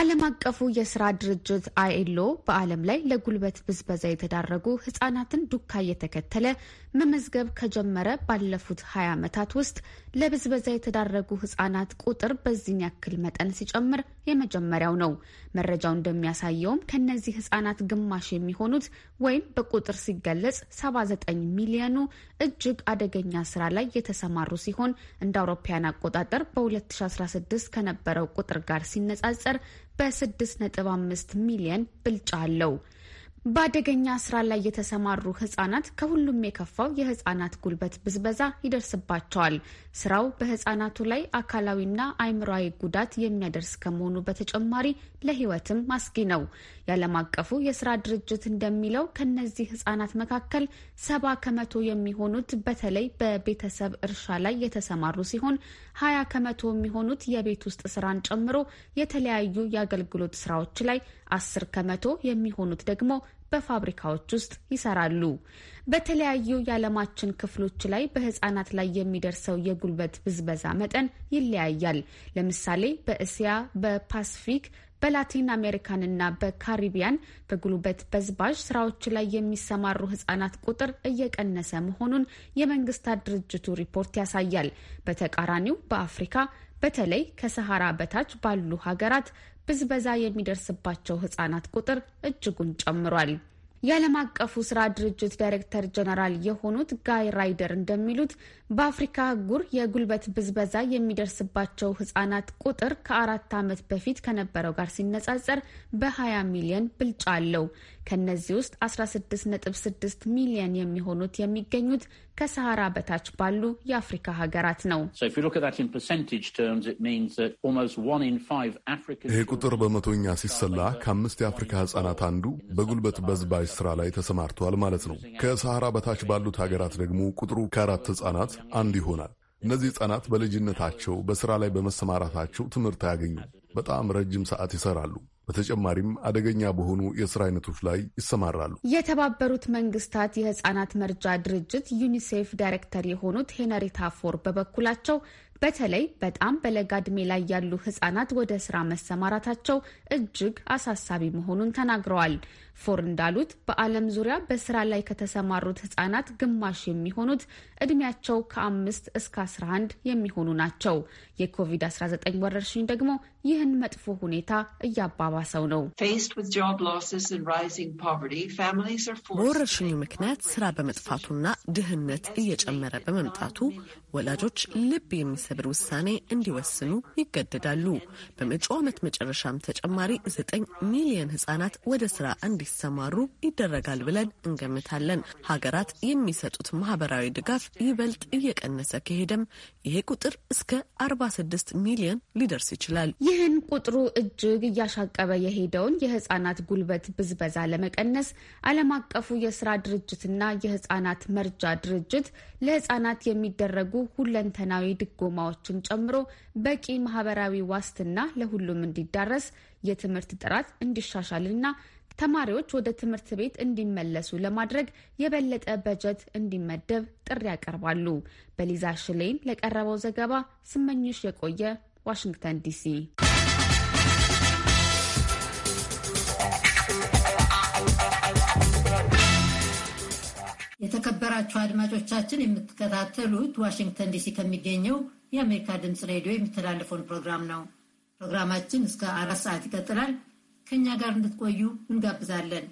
ዓለም አቀፉ የስራ ድርጅት አይኤልኦ በዓለም ላይ ለጉልበት ብዝበዛ የተዳረጉ ህጻናትን ዱካ እየተከተለ መመዝገብ ከጀመረ ባለፉት 20 ዓመታት ውስጥ ለብዝበዛ የተዳረጉ ህጻናት ቁጥር በዚህን ያክል መጠን ሲጨምር የመጀመሪያው ነው። መረጃው እንደሚያሳየውም ከእነዚህ ህጻናት ግማሽ የሚሆኑት ወይም በቁጥር ሲገለጽ 79 ሚሊዮኑ እጅግ አደገኛ ስራ ላይ የተሰማሩ ሲሆን እንደ አውሮፓውያን አቆጣጠር በ2016 ከነበረው ቁጥር ጋር ሲነጻጸር በ6.5 ሚሊየን ብልጫ አለው። በአደገኛ ስራ ላይ የተሰማሩ ህጻናት ከሁሉም የከፋው የህጻናት ጉልበት ብዝበዛ ይደርስባቸዋል። ስራው በህጻናቱ ላይ አካላዊና አእምሯዊ ጉዳት የሚያደርስ ከመሆኑ በተጨማሪ ለህይወትም አስጊ ነው። የዓለም አቀፉ የስራ ድርጅት እንደሚለው ከነዚህ ህጻናት መካከል ሰባ ከመቶ የሚሆኑት በተለይ በቤተሰብ እርሻ ላይ የተሰማሩ ሲሆን ሀያ ከመቶ የሚሆኑት የቤት ውስጥ ስራን ጨምሮ የተለያዩ የአገልግሎት ስራዎች ላይ አስር ከመቶ የሚሆኑት ደግሞ በፋብሪካዎች ውስጥ ይሰራሉ። በተለያዩ የዓለማችን ክፍሎች ላይ በህጻናት ላይ የሚደርሰው የጉልበት ብዝበዛ መጠን ይለያያል። ለምሳሌ በእስያ፣ በፓስፊክ በላቲን አሜሪካንና በካሪቢያን በጉልበት በዝባዥ ስራዎች ላይ የሚሰማሩ ህጻናት ቁጥር እየቀነሰ መሆኑን የመንግስታት ድርጅቱ ሪፖርት ያሳያል። በተቃራኒው በአፍሪካ በተለይ ከሰሃራ በታች ባሉ ሀገራት ብዝበዛ የሚደርስባቸው ህጻናት ቁጥር እጅጉን ጨምሯል። የዓለም አቀፉ ስራ ድርጅት ዳይሬክተር ጀነራል የሆኑት ጋይ ራይደር እንደሚሉት በአፍሪካ አህጉር የጉልበት ብዝበዛ የሚደርስባቸው ህጻናት ቁጥር ከአራት ዓመት በፊት ከነበረው ጋር ሲነጻጸር በ20 ሚሊዮን ብልጫ አለው። ከእነዚህ ውስጥ 16.6 ሚሊዮን የሚሆኑት የሚገኙት ከሰሃራ በታች ባሉ የአፍሪካ ሀገራት ነው። ይህ ቁጥር በመቶኛ ሲሰላ ከአምስት የአፍሪካ ህጻናት አንዱ በጉልበት በዝባዥ ስራ ላይ ተሰማርተዋል ማለት ነው። ከሰሃራ በታች ባሉት ሀገራት ደግሞ ቁጥሩ ከአራት ህጻናት አንዱ ይሆናል። እነዚህ ህጻናት በልጅነታቸው በስራ ላይ በመሰማራታቸው ትምህርት አያገኙም። በጣም ረጅም ሰዓት ይሰራሉ። በተጨማሪም አደገኛ በሆኑ የስራ አይነቶች ላይ ይሰማራሉ። የተባበሩት መንግስታት የህጻናት መርጃ ድርጅት ዩኒሴፍ ዳይሬክተር የሆኑት ሄነሪታ ፎር በበኩላቸው በተለይ በጣም በለጋ እድሜ ላይ ያሉ ህጻናት ወደ ስራ መሰማራታቸው እጅግ አሳሳቢ መሆኑን ተናግረዋል። ፎር እንዳሉት በዓለም ዙሪያ በስራ ላይ ከተሰማሩት ህጻናት ግማሽ የሚሆኑት እድሜያቸው ከአምስት እስከ 11 የሚሆኑ ናቸው። የኮቪድ-19 ወረርሽኝ ደግሞ ይህን መጥፎ ሁኔታ እያባባሰው ነው። በወረርሽኙ ምክንያት ስራ በመጥፋቱና ድህነት እየጨመረ በመምጣቱ ወላጆች ልብ የሚሰብር ውሳኔ እንዲወስኑ ይገደዳሉ። በመጪው ዓመት መጨረሻም ተጨማሪ ዘጠኝ ሚሊዮን ህጻናት ወደ ስራ እንዲሰማሩ ይደረጋል ብለን እንገምታለን። ሀገራት የሚሰጡት ማህበራዊ ድጋፍ ይበልጥ እየቀነሰ ከሄደም ይሄ ቁጥር እስከ 46 ሚሊዮን ሊደርስ ይችላል። ይህን ቁጥሩ እጅግ እያሻቀበ የሄደውን የህጻናት ጉልበት ብዝበዛ ለመቀነስ ዓለም አቀፉ የስራ ድርጅትና የህጻናት መርጃ ድርጅት ለህጻናት የሚደረጉ ሁለንተናዊ ድጎማዎችን ጨምሮ በቂ ማህበራዊ ዋስትና ለሁሉም እንዲዳረስ የትምህርት ጥራት እንዲሻሻልና ተማሪዎች ወደ ትምህርት ቤት እንዲመለሱ ለማድረግ የበለጠ በጀት እንዲመደብ ጥሪ ያቀርባሉ። በሊዛ ሽሌን ለቀረበው ዘገባ ስመኝሽ የቆየ ዋሽንግተን ዲሲ። የተከበራችሁ አድማጮቻችን የምትከታተሉት ዋሽንግተን ዲሲ ከሚገኘው የአሜሪካ ድምፅ ሬዲዮ የሚተላለፈውን ፕሮግራም ነው። ፕሮግራማችን እስከ አራት ሰዓት ይቀጥላል። ከእኛ ጋር እንድትቆዩ እንጋብዛለን።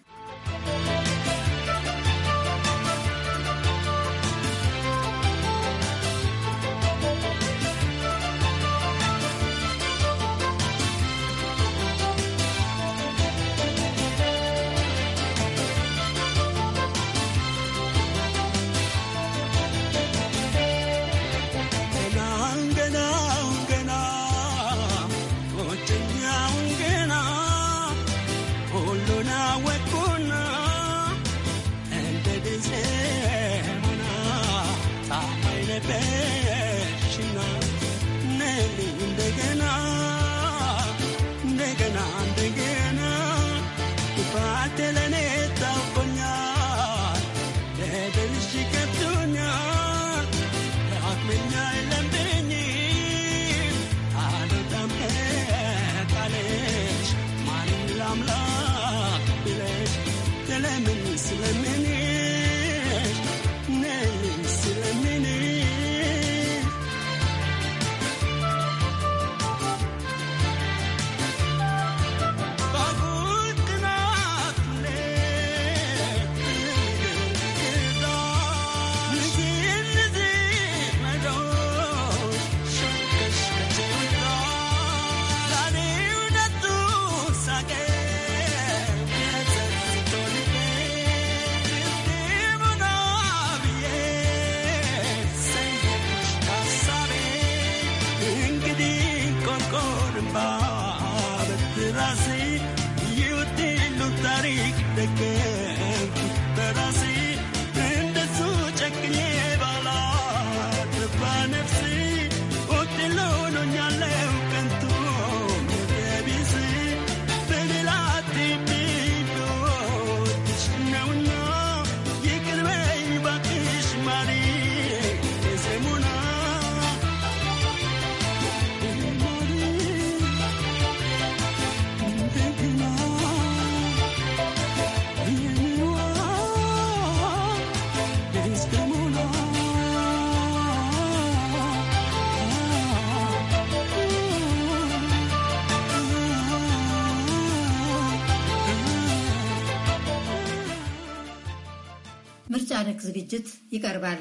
ዝግጅት ይቀርባል።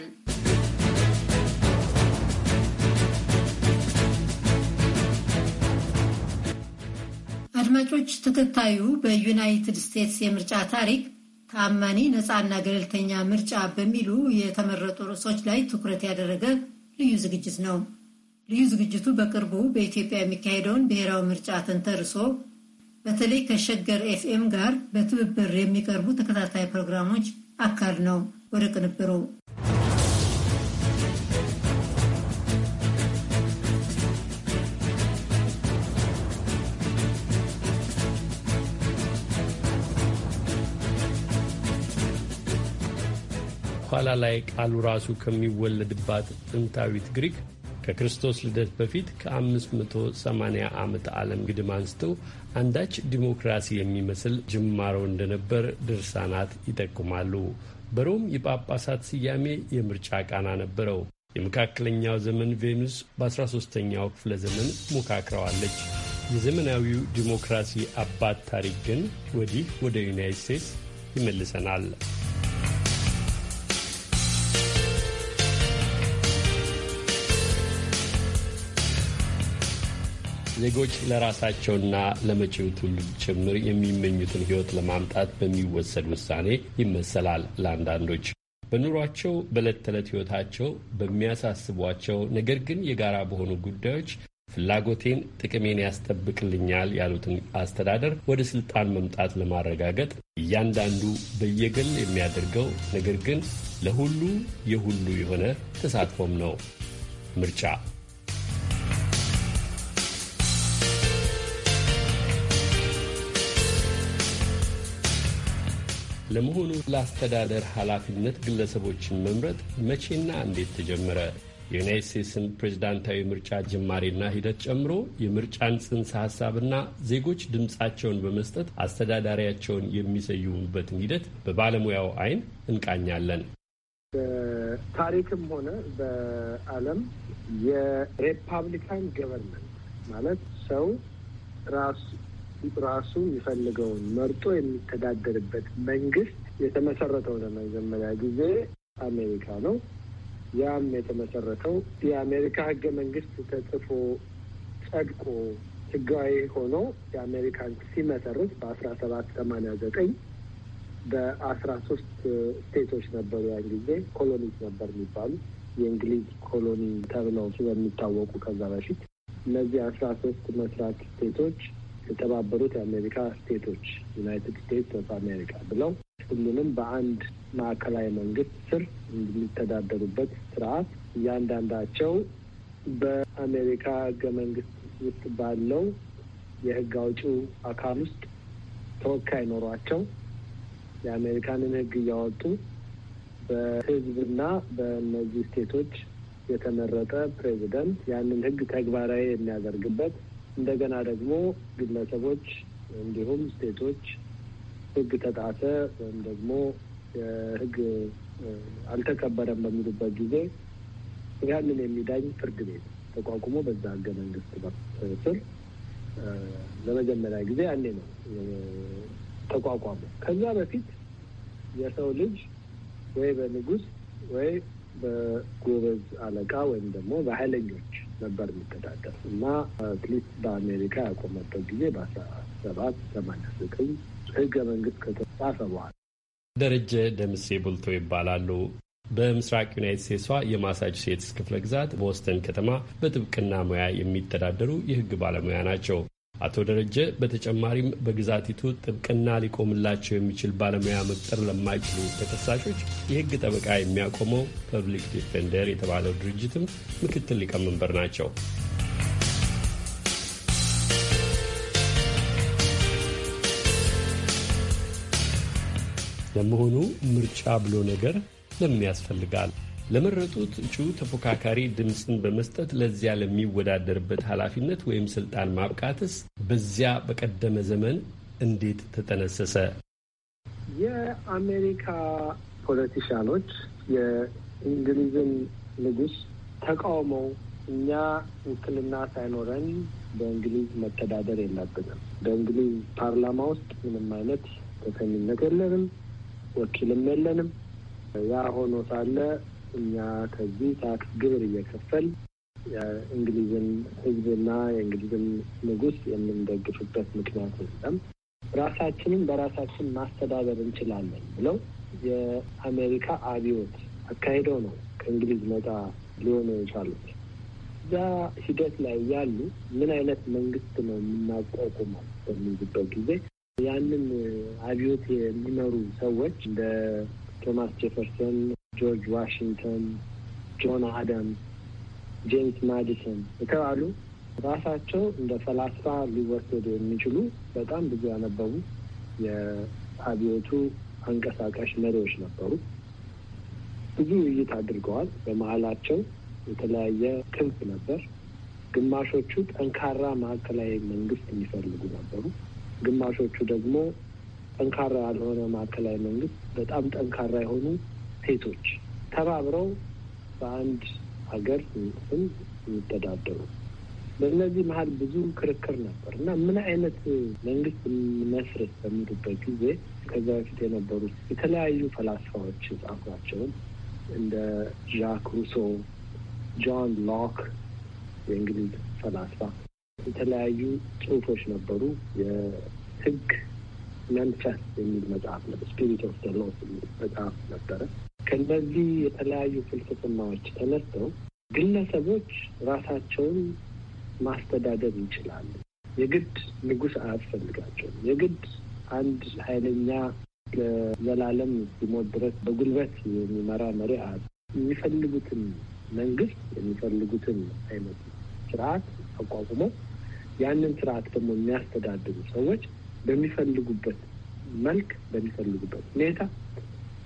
አድማጮች፣ ተከታዩ በዩናይትድ ስቴትስ የምርጫ ታሪክ ተአማኒ ነፃና ገለልተኛ ምርጫ በሚሉ የተመረጡ ርዕሶች ላይ ትኩረት ያደረገ ልዩ ዝግጅት ነው። ልዩ ዝግጅቱ በቅርቡ በኢትዮጵያ የሚካሄደውን ብሔራዊ ምርጫ ተንተርሶ በተለይ ከሸገር ኤፍኤም ጋር በትብብር የሚቀርቡ ተከታታይ ፕሮግራሞች አካል ነው። ወደ ቅንብሩ ኋላ ላይ ቃሉ ራሱ ከሚወለድባት ጥንታዊት ግሪክ ከክርስቶስ ልደት በፊት ከ580 ዓመት ዓለም ግድም አንስተው አንዳች ዲሞክራሲ የሚመስል ጅማሮ እንደነበር ድርሳናት ይጠቁማሉ። በሮም የጳጳሳት ስያሜ የምርጫ ቃና ነበረው። የመካከለኛው ዘመን ቬኑስ በ13ኛው ክፍለ ዘመን ሞካክረዋለች። የዘመናዊው ዲሞክራሲ አባት ታሪክ ግን ወዲህ ወደ ዩናይት ስቴትስ ይመልሰናል። ዜጎች ለራሳቸውና ለመጪው ትውልድ ጭምር የሚመኙትን ሕይወት ለማምጣት በሚወሰድ ውሳኔ ይመሰላል። ለአንዳንዶች በኑሯቸው በዕለት ተዕለት ሕይወታቸው በሚያሳስቧቸው ነገር ግን የጋራ በሆኑ ጉዳዮች ፍላጎቴን፣ ጥቅሜን ያስጠብቅልኛል ያሉትን አስተዳደር ወደ ስልጣን መምጣት ለማረጋገጥ እያንዳንዱ በየግል የሚያደርገው ነገር ግን ለሁሉ የሁሉ የሆነ ተሳትፎም ነው ምርጫ። ለመሆኑ ለአስተዳደር ኃላፊነት ግለሰቦችን መምረጥ መቼና እንዴት ተጀመረ? የዩናይት ስቴትስን ፕሬዚዳንታዊ ምርጫ ጅማሬና ሂደት ጨምሮ የምርጫን ጽንሰ ሀሳብና ዜጎች ድምፃቸውን በመስጠት አስተዳዳሪያቸውን የሚሰይሙበትን ሂደት በባለሙያው አይን እንቃኛለን። በታሪክም ሆነ በዓለም የሪፐብሊካን ገቨርንመንት ማለት ሰው ራሱ ራሱ የሚፈልገውን መርጦ የሚተዳደርበት መንግስት የተመሰረተው ለመጀመሪያ ጊዜ አሜሪካ ነው። ያም የተመሰረተው የአሜሪካ ህገ መንግስት ተጽፎ ጸድቆ ህጋዊ ሆኖ የአሜሪካን ሲመሰርት በአስራ ሰባት ሰማንያ ዘጠኝ በአስራ ሶስት ስቴቶች ነበሩ። ያን ጊዜ ኮሎኒስ ነበር የሚባሉ የእንግሊዝ ኮሎኒ ተብለው ስለሚታወቁ ከዛ በፊት እነዚህ አስራ ሶስት መስራት ስቴቶች የተባበሩት የአሜሪካ ስቴቶች ዩናይትድ ስቴትስ ኦፍ አሜሪካ ብለው ሁሉንም በአንድ ማዕከላዊ መንግስት ስር እንደሚተዳደሩበት ስርዓት እያንዳንዳቸው በአሜሪካ ህገ መንግስት ውስጥ ባለው የህግ አውጪው አካል ውስጥ ተወካይ ኖሯቸው የአሜሪካንን ህግ እያወጡ በህዝብና በእነዚህ ስቴቶች የተመረጠ ፕሬዚደንት ያንን ህግ ተግባራዊ የሚያደርግበት እንደገና ደግሞ ግለሰቦች እንዲሁም ስቴቶች ህግ ተጣሰ ወይም ደግሞ ህግ አልተከበረም በሚሉበት ጊዜ ያንን የሚዳኝ ፍርድ ቤት ተቋቁሞ በዛ ህገ መንግስት ስር ለመጀመሪያ ጊዜ ያኔ ነው ተቋቋሙ። ከዛ በፊት የሰው ልጅ ወይ በንጉስ ወይ በጎበዝ አለቃ ወይም ደግሞ በኃይለኞች ነበር የሚተዳደር እና አትሊስት በአሜሪካ ያቆመበት ጊዜ በአስራ ሰባት ሰማንያ ዘጠኝ ህገ መንግስት ከተጻፈ በኋላ። ደረጀ ደምሴ ቡልቶ ይባላሉ። በምስራቅ ዩናይት ስቴትሷ የማሳቹሴትስ ክፍለ ግዛት ቦስተን ከተማ በጥብቅና ሙያ የሚተዳደሩ የህግ ባለሙያ ናቸው። አቶ ደረጀ በተጨማሪም በግዛቲቱ ጥብቅና ሊቆምላቸው የሚችል ባለሙያ መቅጠር ለማይችሉ ተከሳሾች የሕግ ጠበቃ የሚያቆመው ፐብሊክ ዲፌንደር የተባለው ድርጅትም ምክትል ሊቀመንበር ናቸው። ለመሆኑ ምርጫ ብሎ ነገር ለምን ያስፈልጋል? ለመረጡት እጩ ተፎካካሪ ድምፅን በመስጠት ለዚያ ለሚወዳደርበት ኃላፊነት ወይም ስልጣን ማብቃትስ በዚያ በቀደመ ዘመን እንዴት ተጠነሰሰ? የአሜሪካ ፖለቲሻኖች የእንግሊዝን ንጉስ ተቃውመው እኛ ውክልና ሳይኖረን በእንግሊዝ መተዳደር የለብንም፣ በእንግሊዝ ፓርላማ ውስጥ ምንም አይነት ተሰሚነት የለንም፣ ወኪልም የለንም። ያ ሆኖ ሳለ እኛ ከዚህ ታክስ ግብር እየከፈል የእንግሊዝን ህዝብና የእንግሊዝን ንጉስ የምንደግፍበት ምክንያት የለም፣ ራሳችንን በራሳችን ማስተዳደር እንችላለን ብለው የአሜሪካ አብዮት አካሂደው ነው ከእንግሊዝ ነጻ ሊሆኑ የቻሉት። እዛ ሂደት ላይ ያሉ ምን አይነት መንግስት ነው የምናቋቁመው በሚሉበት ጊዜ ያንን አብዮት የሚመሩ ሰዎች እንደ ቶማስ ጄፈርሰን፣ ጆርጅ ዋሽንግተን፣ ጆን አዳምስ፣ ጄምስ ማዲሰን የተባሉ ራሳቸው እንደ ፈላስፋ ሊወሰዱ የሚችሉ በጣም ብዙ ያነበቡ የአብዮቱ አንቀሳቃሽ መሪዎች ነበሩ። ብዙ ውይይት አድርገዋል። በመሀላቸው የተለያየ ክንፍ ነበር። ግማሾቹ ጠንካራ ማዕከላዊ መንግስት የሚፈልጉ ነበሩ። ግማሾቹ ደግሞ ጠንካራ ያልሆነ ማዕከላዊ መንግስት፣ በጣም ጠንካራ የሆኑ ሴቶች ተባብረው በአንድ ሀገር ስም የሚተዳደሩ በእነዚህ መሀል ብዙ ክርክር ነበር እና ምን አይነት መንግስት መስረት በሚሉበት ጊዜ ከዛ በፊት የነበሩት የተለያዩ ፈላስፋዎች ጻፏቸውን እንደ ዣክ ሩሶ፣ ጆን ሎክ የእንግሊዝ ፈላስፋ የተለያዩ ጽሁፎች ነበሩ የህግ መንፈስ የሚል መጽሐፍ ነው። ስፒሪት ኦፍ ዘ ሎስ የሚል መጽሐፍ ነበረ። ከእነዚህ የተለያዩ ፍልስፍናዎች ተነስተው ግለሰቦች ራሳቸውን ማስተዳደር ይችላሉ። የግድ ንጉሥ አያስፈልጋቸውም። የግድ አንድ ኃይለኛ ለዘላለም ሲሞት ድረስ በጉልበት የሚመራ መሪ አ የሚፈልጉትን መንግስት የሚፈልጉትን አይነት ስርዓት አቋቁሞ ያንን ስርዓት ደግሞ የሚያስተዳድሩ ሰዎች በሚፈልጉበት መልክ በሚፈልጉበት ሁኔታ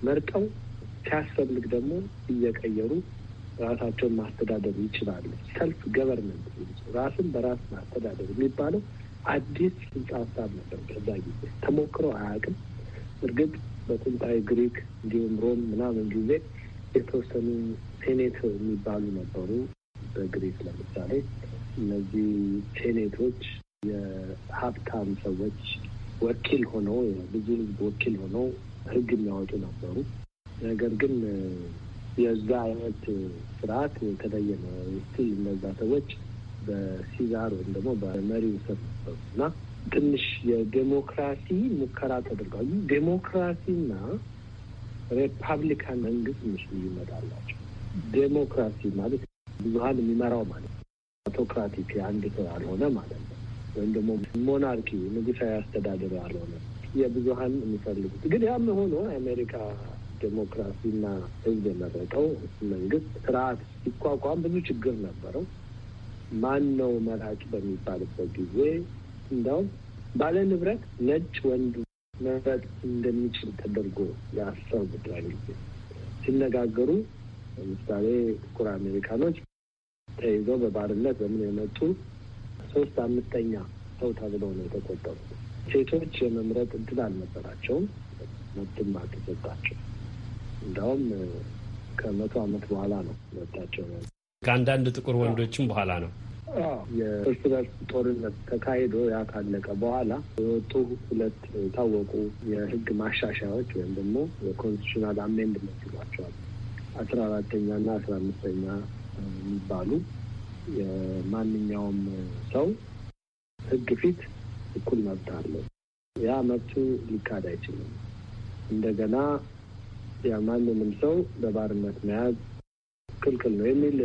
መርጠው ሲያስፈልግ ደግሞ እየቀየሩ ራሳቸውን ማስተዳደር ይችላሉ። ሰልፍ ገቨርንመንት ራስን በራስ ማስተዳደር የሚባለው አዲስ ጽንሰ ሀሳብ ነበር። ከዛ ጊዜ ተሞክሮ አያውቅም። እርግጥ በጥንታዊ ግሪክ እንዲሁም ሮም ምናምን ጊዜ የተወሰኑ ሴኔት የሚባሉ ነበሩ። በግሪክ ለምሳሌ እነዚህ ሴኔቶች የሀብታም ሰዎች ወኪል ሆኖ ብዙ ህዝብ ወኪል ሆኖ ህግ የሚያወጡ ነበሩ። ነገር ግን የዛ አይነት ስርዓት የተለየ ነው። ስቲል እነዛ ሰዎች በሲዛር ወይም ደግሞ በመሪው ስር ነበሩ እና ትንሽ የዴሞክራሲ ሙከራ ተደርጓል። ዴሞክራሲና ሪፐብሊካን መንግስት ትንሽ ልዩነት አላቸው። ዴሞክራሲ ማለት ብዙሀን የሚመራው ማለት ነው። አውቶክራቲክ የአንድ ሰው ያልሆነ ማለት ነው። ወይም ደግሞ ሞናርኪ ንጉሳዊ አስተዳደር ያልሆነ የብዙሀን የሚፈልጉት ግን ያም ሆኖ የአሜሪካ ዴሞክራሲና ህዝብ የመረጠው መንግስት ስርዓት ሲቋቋም ብዙ ችግር ነበረው። ማን ነው መራጭ በሚባልበት ጊዜ እንዲያውም ባለ ንብረት ነጭ ወንድ መረጥ እንደሚችል ተደርጎ ያሰቡ ድራይ ጊዜ ሲነጋገሩ ለምሳሌ ጥቁር አሜሪካኖች ተይዘው በባርነት በምን የመጡ ሶስት አምስተኛ ሰው ተብለው ነው የተቆጠሩት። ሴቶች የመምረጥ እድል አልነበራቸውም፣ መብትም አልተሰጣቸው። እንዲያውም ከመቶ አመት በኋላ ነው መብታቸው ነው ከአንዳንድ ጥቁር ወንዶችም በኋላ ነው የእርስ በርስ ጦርነት ተካሂዶ ያ ካለቀ በኋላ የወጡ ሁለት የታወቁ የህግ ማሻሻያዎች ወይም ደግሞ የኮንስቲቱሽናል አሜንድመንት ይሏቸዋል አስራ አራተኛ ና አስራ አምስተኛ የሚባሉ የማንኛውም ሰው ህግ ፊት እኩል መብት አለው። ያ መብቱ ሊካድ አይችልም። እንደገና የማንንም ሰው በባርነት መያዝ ክልክል ነው የሚል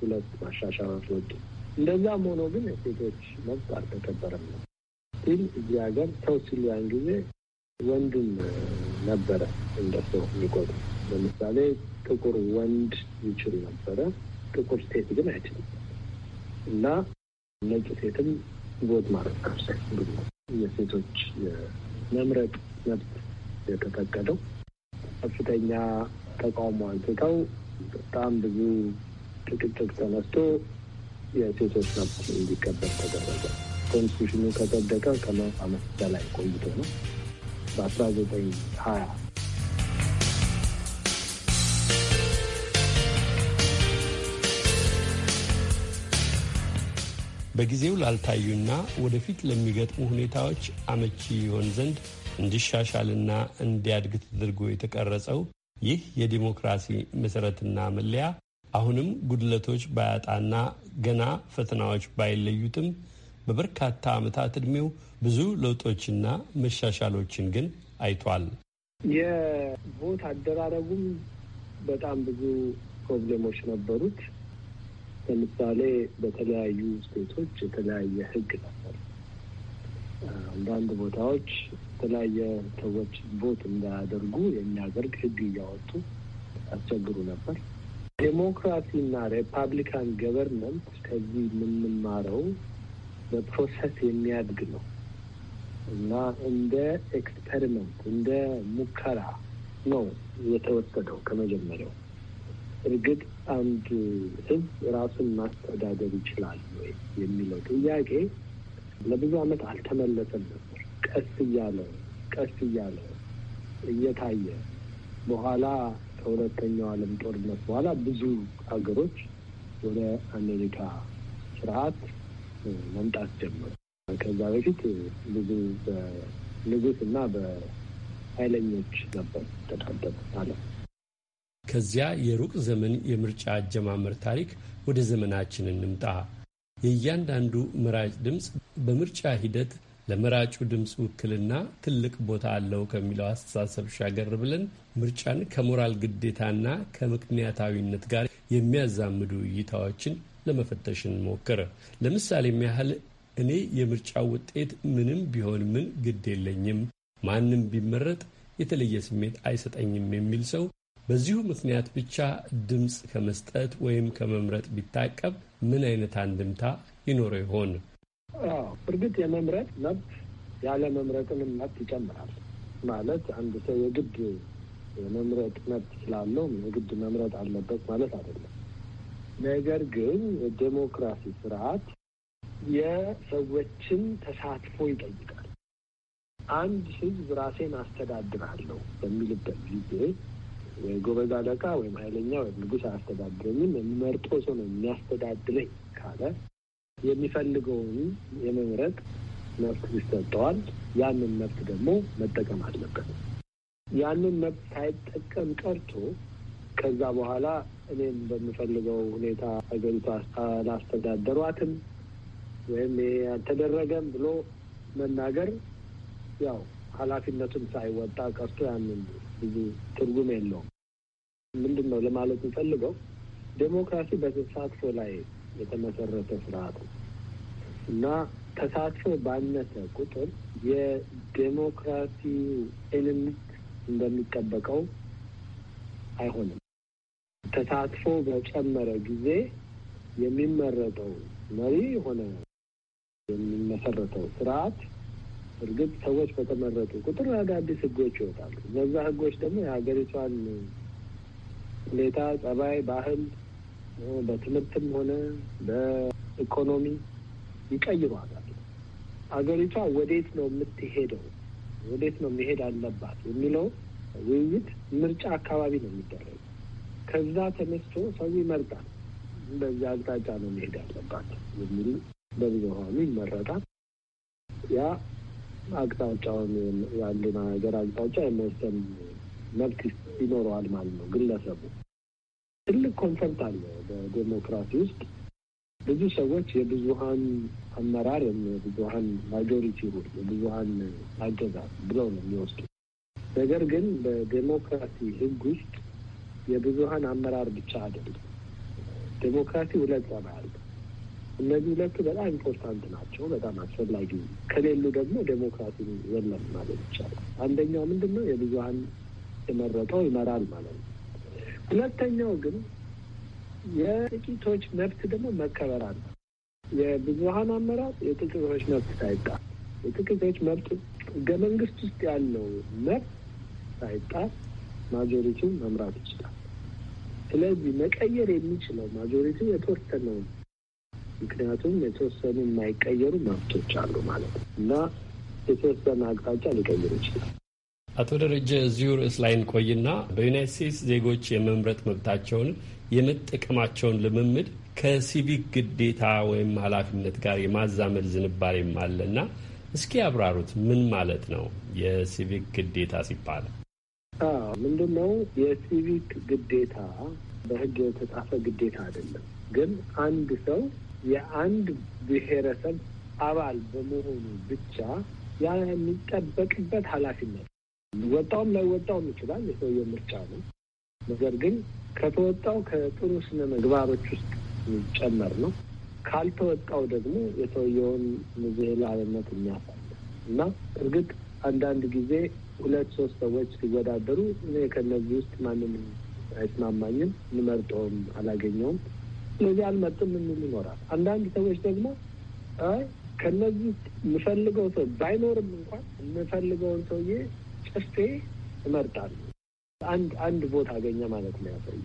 ሁለት ማሻሻያዎች ወጡ። እንደዛም ሆኖ ግን የሴቶች መብት አልተከበረም ነው ሲል እዚህ ሀገር ሰው ሲሉ ያን ጊዜ ወንድም ነበረ እንደ ሰው የሚቆጥሩ ለምሳሌ ጥቁር ወንድ ይችል ነበረ፣ ጥቁር ሴት ግን አይችልም። እና ነጭ ሴትም ቦት ማለት የሴቶች መምረጥ መብት የተፈቀደው ከፍተኛ ተቃውሞ አንስተው በጣም ብዙ ጭቅጭቅ ተነስቶ የሴቶች መብት እንዲከበር ተደረገ። ኮንስቲቱሽኑ ከጸደቀ ከመቶ ዓመት በላይ ቆይቶ ነው በአስራ ዘጠኝ ሀያ በጊዜው ላልታዩና ወደፊት ለሚገጥሙ ሁኔታዎች አመቺ ይሆን ዘንድ እንዲሻሻልና እንዲያድግ ተደርጎ የተቀረጸው ይህ የዲሞክራሲ መሠረትና መለያ አሁንም ጉድለቶች ባያጣና ገና ፈተናዎች ባይለዩትም በበርካታ ዓመታት ዕድሜው ብዙ ለውጦችና መሻሻሎችን ግን አይቷል። የቦት አደራረጉም በጣም ብዙ ፕሮብሌሞች ነበሩት። ለምሳሌ በተለያዩ ስቴቶች የተለያየ ህግ ነበር። አንዳንድ ቦታዎች የተለያየ ሰዎች ቦት እንዳያደርጉ የሚያደርግ ህግ እያወጡ አስቸግሩ ነበር። ዴሞክራሲና ሪፐብሊካን ገቨርንመንት ከዚህ የምንማረው በፕሮሰስ የሚያድግ ነው እና እንደ ኤክስፐሪመንት እንደ ሙከራ ነው የተወሰደው ከመጀመሪያው እርግጥ አንድ ህዝብ ራሱን ማስተዳደር ይችላል ወይ የሚለው ጥያቄ ለብዙ ዓመት አልተመለሰም ነበር። ቀስ እያለ ቀስ እያለ እየታየ በኋላ ከሁለተኛው ዓለም ጦርነት በኋላ ብዙ ሀገሮች ወደ አሜሪካ ስርዓት መምጣት ጀመሩ። ከዛ በፊት ብዙ በንጉስ እና በኃይለኞች ነበር ተዳደሩ ነው። ከዚያ የሩቅ ዘመን የምርጫ አጀማመር ታሪክ ወደ ዘመናችን እንምጣ። የእያንዳንዱ መራጭ ድምፅ በምርጫ ሂደት ለመራጩ ድምፅ ውክልና ትልቅ ቦታ አለው ከሚለው አስተሳሰብ ሻገር ብለን ምርጫን ከሞራል ግዴታና ከምክንያታዊነት ጋር የሚያዛምዱ እይታዎችን ለመፈተሽ እንሞክር። ለምሳሌም ያህል እኔ የምርጫ ውጤት ምንም ቢሆን ምን ግድ የለኝም፣ ማንም ቢመረጥ የተለየ ስሜት አይሰጠኝም የሚል ሰው በዚሁ ምክንያት ብቻ ድምፅ ከመስጠት ወይም ከመምረጥ ቢታቀብ ምን አይነት አንድምታ ይኖረው ይሆን? እርግጥ የመምረጥ መብት ያለ መምረጥንም መብት ይጨምራል። ማለት አንድ ሰው የግድ የመምረጥ መብት ስላለው የግድ መምረጥ አለበት ማለት አይደለም። ነገር ግን የዴሞክራሲ ስርዓት የሰዎችን ተሳትፎ ይጠይቃል። አንድ ህዝብ ራሴን አስተዳድራለሁ በሚልበት ጊዜ ወይ ጎበዝ አለቃ ወይም ኃይለኛ ወይም ንጉሥ አያስተዳድረኝም፣ የሚመርጦ ሰው ነው የሚያስተዳድረኝ ካለ የሚፈልገውን የመምረጥ መብት ይሰጠዋል። ያንን መብት ደግሞ መጠቀም አለበት። ያንን መብት ሳይጠቀም ቀርቶ ከዛ በኋላ እኔም በምፈልገው ሁኔታ ሀገሪቱ አላስተዳደሯትም ወይም አልተደረገም ብሎ መናገር ያው ኃላፊነቱን ሳይወጣ ቀርቶ ያንን ብዙ ትርጉም የለውም። ምንድን ነው ለማለት እንፈልገው ዴሞክራሲ በተሳትፎ ላይ የተመሰረተ ስርዓት ነው እና ተሳትፎ ባነሰ ቁጥር የዴሞክራሲው ኤሌመንት እንደሚጠበቀው አይሆንም። ተሳትፎ በጨመረ ጊዜ የሚመረጠው መሪ የሆነ የሚመሰረተው ስርዓት እርግጥ ሰዎች በተመረጡ ቁጥር አዳዲስ ህጎች ይወጣሉ። እነዛ ህጎች ደግሞ የሀገሪቷን ሁኔታ ጸባይ፣ ባህል በትምህርትም ሆነ በኢኮኖሚ ይቀይሯታል። ሀገሪቷ ወዴት ነው የምትሄደው፣ ወዴት ነው መሄድ አለባት የሚለው ውይይት ምርጫ አካባቢ ነው የሚደረገው። ከዛ ተነስቶ ሰው ይመርጣል። በዚህ አቅጣጫ ነው መሄድ አለባት የሚል በብዙሃኑ ይመረጣል ያ አቅጣጫውን የአንድን ሀገር አቅጣጫ የመወሰን መብት ይኖረዋል ማለት ነው ግለሰቡ። ትልቅ ኮንሰርት አለ በዴሞክራሲ ውስጥ። ብዙ ሰዎች የብዙሀን አመራር የብዙሀን ማጆሪቲ ሩል የብዙሀን አገዛዝ ብለው ነው የሚወስዱ። ነገር ግን በዴሞክራሲ ህግ ውስጥ የብዙሀን አመራር ብቻ አይደለም። ዴሞክራሲ ሁለት ጸባይ አለ። እነዚህ ሁለቱ በጣም ኢምፖርታንት ናቸው፣ በጣም አስፈላጊ። ከሌሉ ደግሞ ዴሞክራሲ የለም ማለት ይቻላል። አንደኛው ምንድን ነው የብዙሀን የመረጠው ይመራል ማለት ነው። ሁለተኛው ግን የጥቂቶች መብት ደግሞ መከበር አለ። የብዙሀን አመራር የጥቂቶች መብት ሳይጣ የጥቂቶች መብት ህገ መንግስት ውስጥ ያለው መብት ሳይጣ ማጆሪቲው መምራት ይችላል። ስለዚህ መቀየር የሚችለው ማጆሪቲው የተወሰነውን ምክንያቱም የተወሰኑ የማይቀየሩ መብቶች አሉ ማለት ነው እና የተወሰነ አቅጣጫ ሊቀይር ይችላል። አቶ ደረጀ እዚሁ ርዕስ ላይ እንቆይና በዩናይት ስቴትስ ዜጎች የመምረጥ መብታቸውን የመጠቀማቸውን ልምምድ ከሲቪክ ግዴታ ወይም ኃላፊነት ጋር የማዛመድ ዝንባሌም አለና እስኪ ያብራሩት ምን ማለት ነው የሲቪክ ግዴታ ሲባል? ምንድን ነው የሲቪክ ግዴታ? በሕግ የተጻፈ ግዴታ አይደለም። ግን አንድ ሰው የአንድ ብሔረሰብ አባል በመሆኑ ብቻ ያ የሚጠበቅበት ኃላፊነት ወጣውም ላይወጣውም ይችላል። የሰውየው ምርጫ ነው። ነገር ግን ከተወጣው ከጥሩ ስነ ምግባሮች ውስጥ የሚጨመር ነው። ካልተወጣው ደግሞ የሰውየውን ላብነት የሚያሳለ እና እርግጥ አንዳንድ ጊዜ ሁለት ሶስት ሰዎች ሲወዳደሩ እኔ ከነዚህ ውስጥ ማንም አይስማማኝም፣ ምመርጠውም አላገኘውም ስለዚህ አልመጥም የሚል ይኖራል። አንዳንድ ሰዎች ደግሞ ከነዚህ የምፈልገው ሰው ባይኖርም እንኳን የምፈልገውን ሰውዬ ጭፍቴ እመርጣለሁ። አንድ አንድ ቦታ አገኘ ማለት ነው ያሰው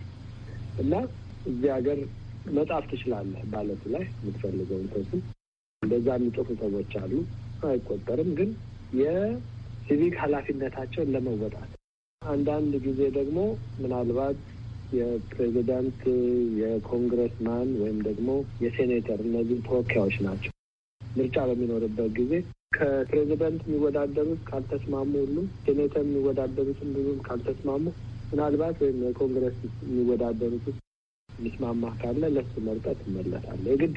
እና እዚህ ሀገር መጻፍ ትችላለህ ባለቱ ላይ የምትፈልገውን ሰው ስም እንደዛ የሚጽፉ ሰዎች አሉ። አይቆጠርም ግን የሲቪክ ኃላፊነታቸውን ለመወጣት አንዳንድ ጊዜ ደግሞ ምናልባት የፕሬዚዳንት፣ የኮንግረስማን ወይም ደግሞ የሴኔተር እነዚህ ተወካዮች ናቸው። ምርጫ በሚኖርበት ጊዜ ከፕሬዚዳንት የሚወዳደሩት ካልተስማሙ ሁሉም ሴኔተር የሚወዳደሩትም ብዙም ካልተስማሙ ምናልባት ወይም የኮንግረስ የሚወዳደሩት የሚስማማ ካለ ለሱ መርጠት እመለሳለሁ። የግድ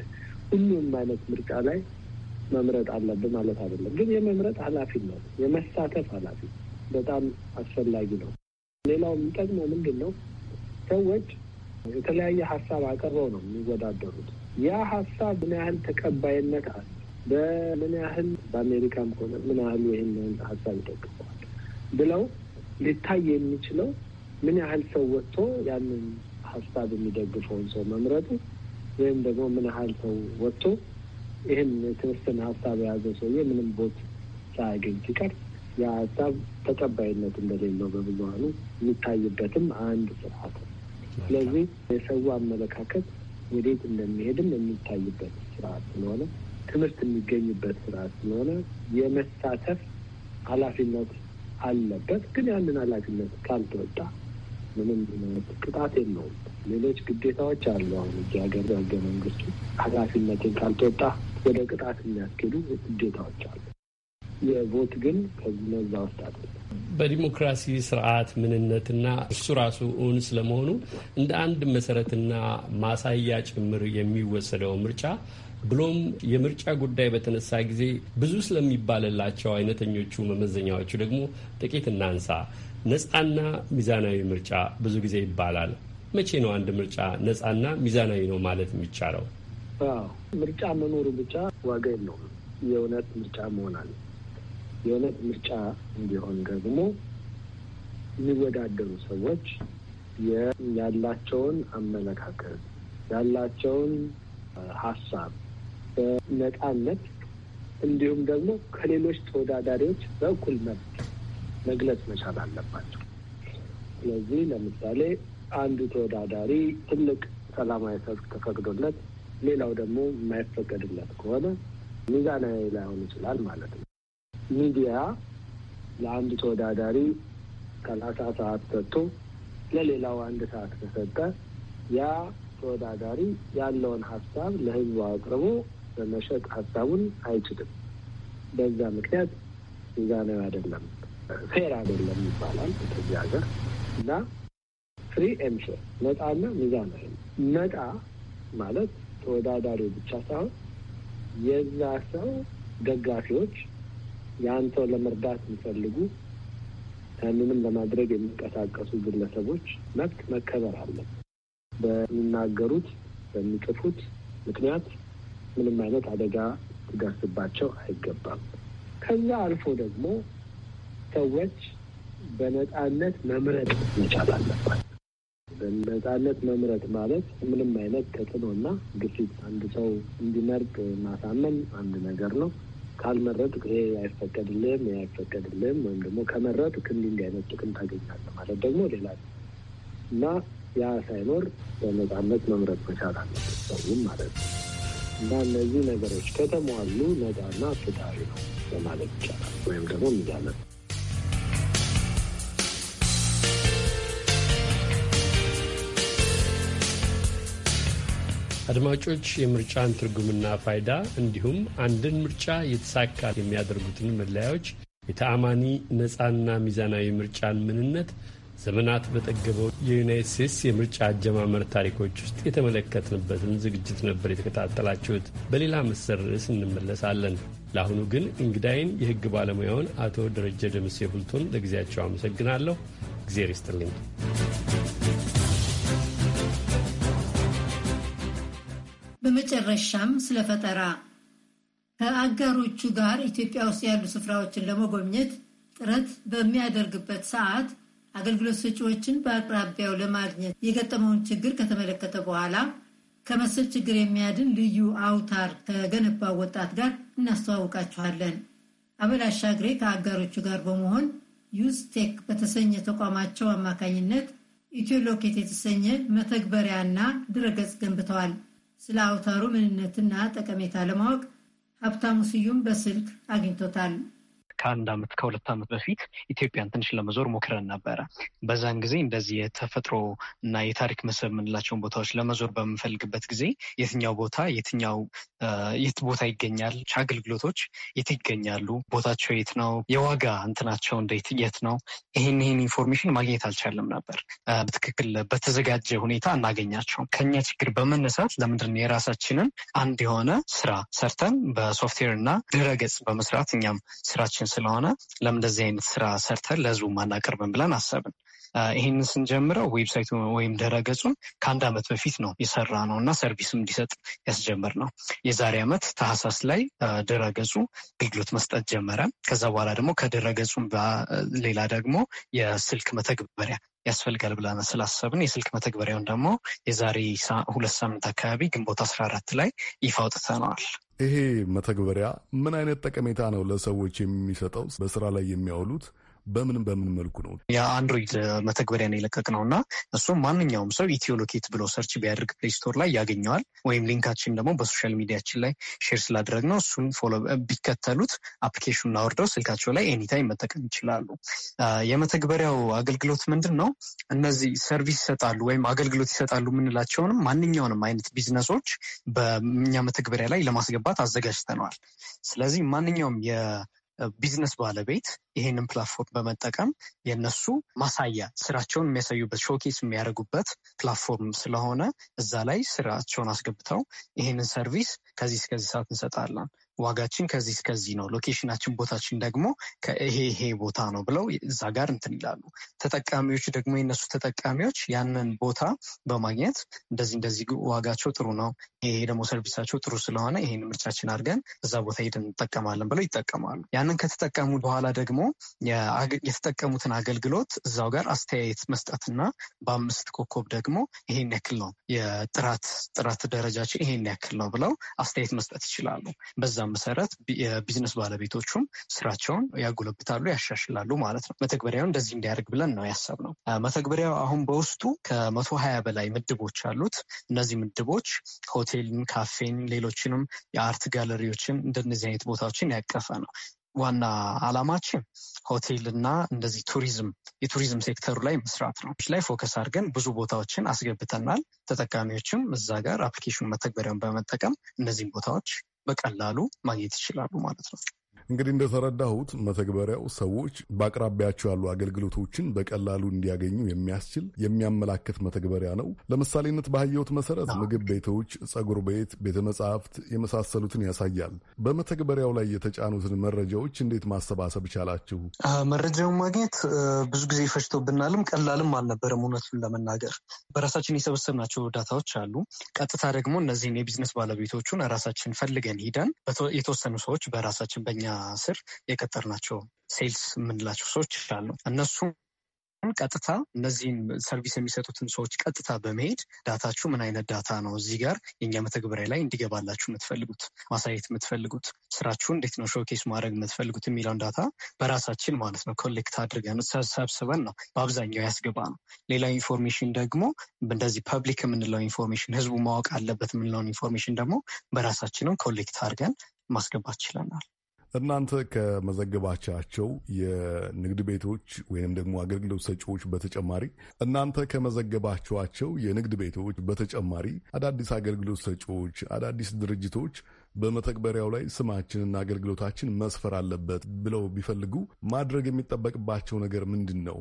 ሁሉም አይነት ምርጫ ላይ መምረጥ አለብ ማለት አይደለም። ግን የመምረጥ ኃላፊነት የመሳተፍ ኃላፊነት በጣም አስፈላጊ ነው። ሌላው የሚጠቅመው ምንድን ነው? ሰዎች የተለያየ ሀሳብ አቅርበው ነው የሚወዳደሩት። ያ ሀሳብ ምን ያህል ተቀባይነት አለ፣ በምን ያህል በአሜሪካም ሆነ ምን ያህል ይህን ሀሳብ ይደግፈዋል ብለው ሊታይ የሚችለው ምን ያህል ሰው ወጥቶ ያንን ሀሳብ የሚደግፈውን ሰው መምረጡ ወይም ደግሞ ምን ያህል ሰው ወጥቶ ይህን የተወሰነ ሀሳብ የያዘ ሰውዬ ምንም ቦት ሳያገኝ ሲቀር ያ ሀሳብ ተቀባይነት እንደሌለው በብዙሀኑ የሚታይበትም አንድ ስርዓት ነው። ስለዚህ የሰው አመለካከት ወዴት እንደሚሄድም የሚታይበት ስርዓት ስለሆነ ትምህርት የሚገኝበት ስርዓት ስለሆነ የመሳተፍ ኃላፊነት አለበት። ግን ያንን ኃላፊነት ካልተወጣ ምንም ቅጣት የለውም። ሌሎች ግዴታዎች አሉ። አሁን እዚህ ሀገር ህገ መንግስቱ ኃላፊነትን ካልተወጣ ወደ ቅጣት የሚያስኬዱ ግዴታዎች አሉ። የቮት ግን ከነዛ ውስጥ በዲሞክራሲ ስርዓት ምንነትና እሱ ራሱ እውን ስለመሆኑ እንደ አንድ መሰረትና ማሳያ ጭምር የሚወሰደው ምርጫ ብሎም የምርጫ ጉዳይ በተነሳ ጊዜ ብዙ ስለሚባልላቸው አይነተኞቹ መመዘኛዎቹ ደግሞ ጥቂት እናንሳ። ነፃና ሚዛናዊ ምርጫ ብዙ ጊዜ ይባላል። መቼ ነው አንድ ምርጫ ነፃና ሚዛናዊ ነው ማለት የሚቻለው? ምርጫ መኖሩ ብቻ ዋጋ የለውም። የእውነት ምርጫ መሆናል የእውነት ምርጫ እንዲሆን ደግሞ የሚወዳደሩ ሰዎች ያላቸውን አመለካከት ያላቸውን ሀሳብ በነፃነት እንዲሁም ደግሞ ከሌሎች ተወዳዳሪዎች በእኩል መብት መግለጽ መቻል አለባቸው። ስለዚህ ለምሳሌ አንዱ ተወዳዳሪ ትልቅ ሰላማዊ ሰልፍ ተፈቅዶለት ሌላው ደግሞ የማይፈቀድለት ከሆነ ሚዛናዊ ላይሆን ይችላል ማለት ነው። ሚዲያ ለአንድ ተወዳዳሪ ሰላሳ ሰዓት ሰጥቶ ለሌላው አንድ ሰዓት ከሰጠ ያ ተወዳዳሪ ያለውን ሀሳብ ለህዝቡ አቅርቦ በመሸጥ ሀሳቡን አይችልም። በዛ ምክንያት ሚዛናዊ አይደለም፣ ፌር አይደለም ይባላል በዚህ ሀገር እና ፍሪ ኤንድ ፌር ነጻና ሚዛናዊ ነጻ ማለት ተወዳዳሪው ብቻ ሳይሆን የዛ ሰው ደጋፊዎች ያን ሰው ለመርዳት የሚፈልጉ ያንንም ለማድረግ የሚንቀሳቀሱ ግለሰቦች መብት መከበር አለ። በሚናገሩት በሚጽፉት ምክንያት ምንም አይነት አደጋ ሊደርስባቸው አይገባም። ከዛ አልፎ ደግሞ ሰዎች በነጻነት መምረጥ መቻል አለባቸው። በነጻነት መምረጥ ማለት ምንም አይነት ተጽዕኖና ግፊት አንድ ሰው እንዲመርጥ ማሳመን አንድ ነገር ነው። ካልመረጥክ ይሄ አይፈቀድልም፣ ይሄ አይፈቀድልም ወይም ደግሞ ከመረጥክ እንዲህ እንዲህ አይነት ጥቅም ታገኛለህ ማለት ደግሞ ሌላ እና ያ ሳይኖር በነፃነት መምረጥ መቻል አለበት ሰውም ማለት ነው። እና እነዚህ ነገሮች ከተሟሉ ነጻና ፍትሃዊ ነው ለማለት ይቻላል ወይም ደግሞ ሚዛነት አድማጮች የምርጫን ትርጉምና ፋይዳ እንዲሁም አንድን ምርጫ የተሳካ የሚያደርጉትን መለያዎች፣ የተአማኒ ነፃና ሚዛናዊ ምርጫን ምንነት ዘመናት በጠገበው የዩናይት ስቴትስ የምርጫ አጀማመር ታሪኮች ውስጥ የተመለከትንበትን ዝግጅት ነበር የተከታተላችሁት። በሌላ መሰል ርዕስ እንመለሳለን። ለአሁኑ ግን እንግዳይን የሕግ ባለሙያውን አቶ ደረጀ ደምሴ ሁልቶን ለጊዜያቸው አመሰግናለሁ። እግዜር ይስጥልኝ። በመጨረሻም ስለ ፈጠራ ከአጋሮቹ ጋር ኢትዮጵያ ውስጥ ያሉ ስፍራዎችን ለመጎብኘት ጥረት በሚያደርግበት ሰዓት አገልግሎት ሰጪዎችን በአቅራቢያው ለማግኘት የገጠመውን ችግር ከተመለከተ በኋላ ከመሰል ችግር የሚያድን ልዩ አውታር ከገነባው ወጣት ጋር እናስተዋውቃችኋለን። አበል አሻግሬ ከአጋሮቹ ጋር በመሆን ዩስቴክ በተሰኘ ተቋማቸው አማካኝነት ኢትዮሎኬት የተሰኘ መተግበሪያና ድረገጽ ገንብተዋል። ስለ አውታሩ ምንነትና ጠቀሜታ ለማወቅ ሀብታሙ ስዩም በስልክ አግኝቶታል። ከአንድ አመት ከሁለት ዓመት በፊት ኢትዮጵያን ትንሽ ለመዞር ሞክረን ነበረ። በዛን ጊዜ እንደዚህ የተፈጥሮ እና የታሪክ መስህብ የምንላቸውን ቦታዎች ለመዞር በምንፈልግበት ጊዜ የትኛው ቦታ የትኛው የት ቦታ ይገኛል፣ አገልግሎቶች የት ይገኛሉ፣ ቦታቸው የት ነው፣ የዋጋ እንትናቸው እንዴት የት ነው፣ ይህን ይህን ኢንፎርሜሽን ማግኘት አልቻለም ነበር በትክክል በተዘጋጀ ሁኔታ እናገኛቸው። ከኛ ችግር በመነሳት ለምንድን የራሳችንን አንድ የሆነ ስራ ሰርተን በሶፍትዌር እና ድረገጽ በመስራት እኛም ስራችን ስራችን ስለሆነ ለምን እንደዚህ አይነት ስራ ሰርተን ለህዝቡ አናቀርብም ብለን አሰብን። ይህንን ስንጀምረው ዌብሳይቱ ወይም ድረገጹን ከአንድ ዓመት በፊት ነው የሰራ ነው እና ሰርቪስም እንዲሰጥ ያስጀምር ነው። የዛሬ ዓመት ታህሳስ ላይ ድረገጹ አገልግሎት መስጠት ጀመረ። ከዛ በኋላ ደግሞ ከድረገጹም ሌላ ደግሞ የስልክ መተግበሪያ ያስፈልጋል ብለን ስላሰብን የስልክ መተግበሪያውን ደግሞ የዛሬ ሁለት ሳምንት አካባቢ ግንቦት አስራ አራት ላይ ይፋ አውጥተነዋል። ይሄ መተግበሪያ ምን አይነት ጠቀሜታ ነው ለሰዎች የሚሰጠው? በስራ ላይ የሚያውሉት በምን በምን መልኩ ነው? የአንድሮይድ መተግበሪያ ነው የለቀቅነው እና እሱም ማንኛውም ሰው ኢትዮሎኬት ብሎ ሰርች ቢያደርግ ፕሌይስቶር ላይ ያገኘዋል። ወይም ሊንካችን ደግሞ በሶሻል ሚዲያችን ላይ ሼር ስላደረግነው እሱን ፎሎ ቢከተሉት አፕሊኬሽኑን አውርደው ስልካቸው ላይ ኤኒታይም መጠቀም ይችላሉ። የመተግበሪያው አገልግሎት ምንድን ነው? እነዚህ ሰርቪስ ይሰጣሉ ወይም አገልግሎት ይሰጣሉ የምንላቸውንም ማንኛውንም አይነት ቢዝነሶች በእኛ መተግበሪያ ላይ ለማስገባት አዘጋጅተነዋል። ስለዚህ ማንኛውም ቢዝነስ ባለቤት ይህንን ፕላትፎርም በመጠቀም የነሱ ማሳያ ስራቸውን የሚያሳዩበት ሾኬስ የሚያደርጉበት ፕላትፎርም ስለሆነ እዛ ላይ ስራቸውን አስገብተው ይህንን ሰርቪስ ከዚህ እስከዚህ ሰዓት እንሰጣለን ዋጋችን ከዚህ እስከዚህ ነው፣ ሎኬሽናችን ቦታችን ደግሞ ከይሄ ይሄ ቦታ ነው ብለው እዛ ጋር እንትን ይላሉ። ተጠቃሚዎች ደግሞ የነሱ ተጠቃሚዎች ያንን ቦታ በማግኘት እንደዚህ እንደዚህ ዋጋቸው ጥሩ ነው፣ ይሄ ደግሞ ሰርቪሳቸው ጥሩ ስለሆነ ይሄን ምርጫችን አድርገን እዛ ቦታ ሄደን እንጠቀማለን ብለው ይጠቀማሉ። ያንን ከተጠቀሙ በኋላ ደግሞ የተጠቀሙትን አገልግሎት እዛው ጋር አስተያየት መስጠትና በአምስት ኮከብ ደግሞ ይሄን ያክል ነው የጥራት ጥራት ደረጃችን ይሄን ያክል ነው ብለው አስተያየት መስጠት ይችላሉ። በዛ መሰረት የቢዝነስ ባለቤቶቹም ስራቸውን ያጎለብታሉ፣ ያሻሽላሉ ማለት ነው። መተግበሪያው እንደዚህ እንዲያደርግ ብለን ነው ያሰብነው። መተግበሪያው አሁን በውስጡ ከመቶ ሀያ በላይ ምድቦች አሉት። እነዚህ ምድቦች ሆቴልን፣ ካፌን፣ ሌሎችንም የአርት ጋለሪዎችን እንደነዚህ አይነት ቦታዎችን ያቀፈ ነው። ዋና አላማችን ሆቴልና እንደዚህ ቱሪዝም የቱሪዝም ሴክተሩ ላይ መስራት ነው። ላይ ፎከስ አድርገን ብዙ ቦታዎችን አስገብተናል። ተጠቃሚዎችም እዛ ጋር አፕሊኬሽኑ መተግበሪያውን በመጠቀም እነዚህም ቦታዎች በቀላሉ ማግኘት ይችላሉ ማለት ነው። እንግዲህ እንደተረዳሁት መተግበሪያው ሰዎች በአቅራቢያቸው ያሉ አገልግሎቶችን በቀላሉ እንዲያገኙ የሚያስችል የሚያመላክት መተግበሪያ ነው። ለምሳሌነት ባየሁት መሰረት ምግብ ቤቶች፣ ጸጉር ቤት፣ ቤተ መጻሕፍት የመሳሰሉትን ያሳያል። በመተግበሪያው ላይ የተጫኑትን መረጃዎች እንዴት ማሰባሰብ ቻላችሁ? መረጃውን ማግኘት ብዙ ጊዜ ፈጅቶብናልም ቀላልም አልነበረም። እውነቱን ለመናገር በራሳችን የሰበሰብናቸው ዳታዎች አሉ። ቀጥታ ደግሞ እነዚህን የቢዝነስ ባለቤቶቹን ራሳችን ፈልገን ሂደን የተወሰኑ ሰዎች በራሳችን በኛ ስር የቀጠርናቸው ሴልስ የምንላቸው ሰዎች አሉ። እነሱም ቀጥታ እነዚህም ሰርቪስ የሚሰጡትን ሰዎች ቀጥታ በመሄድ ዳታችሁ ምን አይነት ዳታ ነው እዚህ ጋር የኛ መተግበሪያ ላይ እንዲገባላችሁ የምትፈልጉት ማሳየት የምትፈልጉት ስራችሁን እንዴት ነው ሾኬስ ማድረግ የምትፈልጉት የሚለውን ዳታ በራሳችን ማለት ነው ኮሌክት አድርገን ሰብስበን ነው በአብዛኛው ያስገባ ነው። ሌላ ኢንፎርሜሽን ደግሞ እንደዚህ ፐብሊክ የምንለው ኢንፎርሜሽን ህዝቡ ማወቅ አለበት የምንለውን ኢንፎርሜሽን ደግሞ በራሳችንም ኮሌክት አድርገን ማስገባት ችለናል። እናንተ ከመዘገባቻቸው የንግድ ቤቶች ወይም ደግሞ አገልግሎት ሰጪዎች በተጨማሪ እናንተ ከመዘገባቸዋቸው የንግድ ቤቶች በተጨማሪ አዳዲስ አገልግሎት ሰጪዎች፣ አዳዲስ ድርጅቶች በመተግበሪያው ላይ ስማችንና አገልግሎታችን መስፈር አለበት ብለው ቢፈልጉ ማድረግ የሚጠበቅባቸው ነገር ምንድን ነው?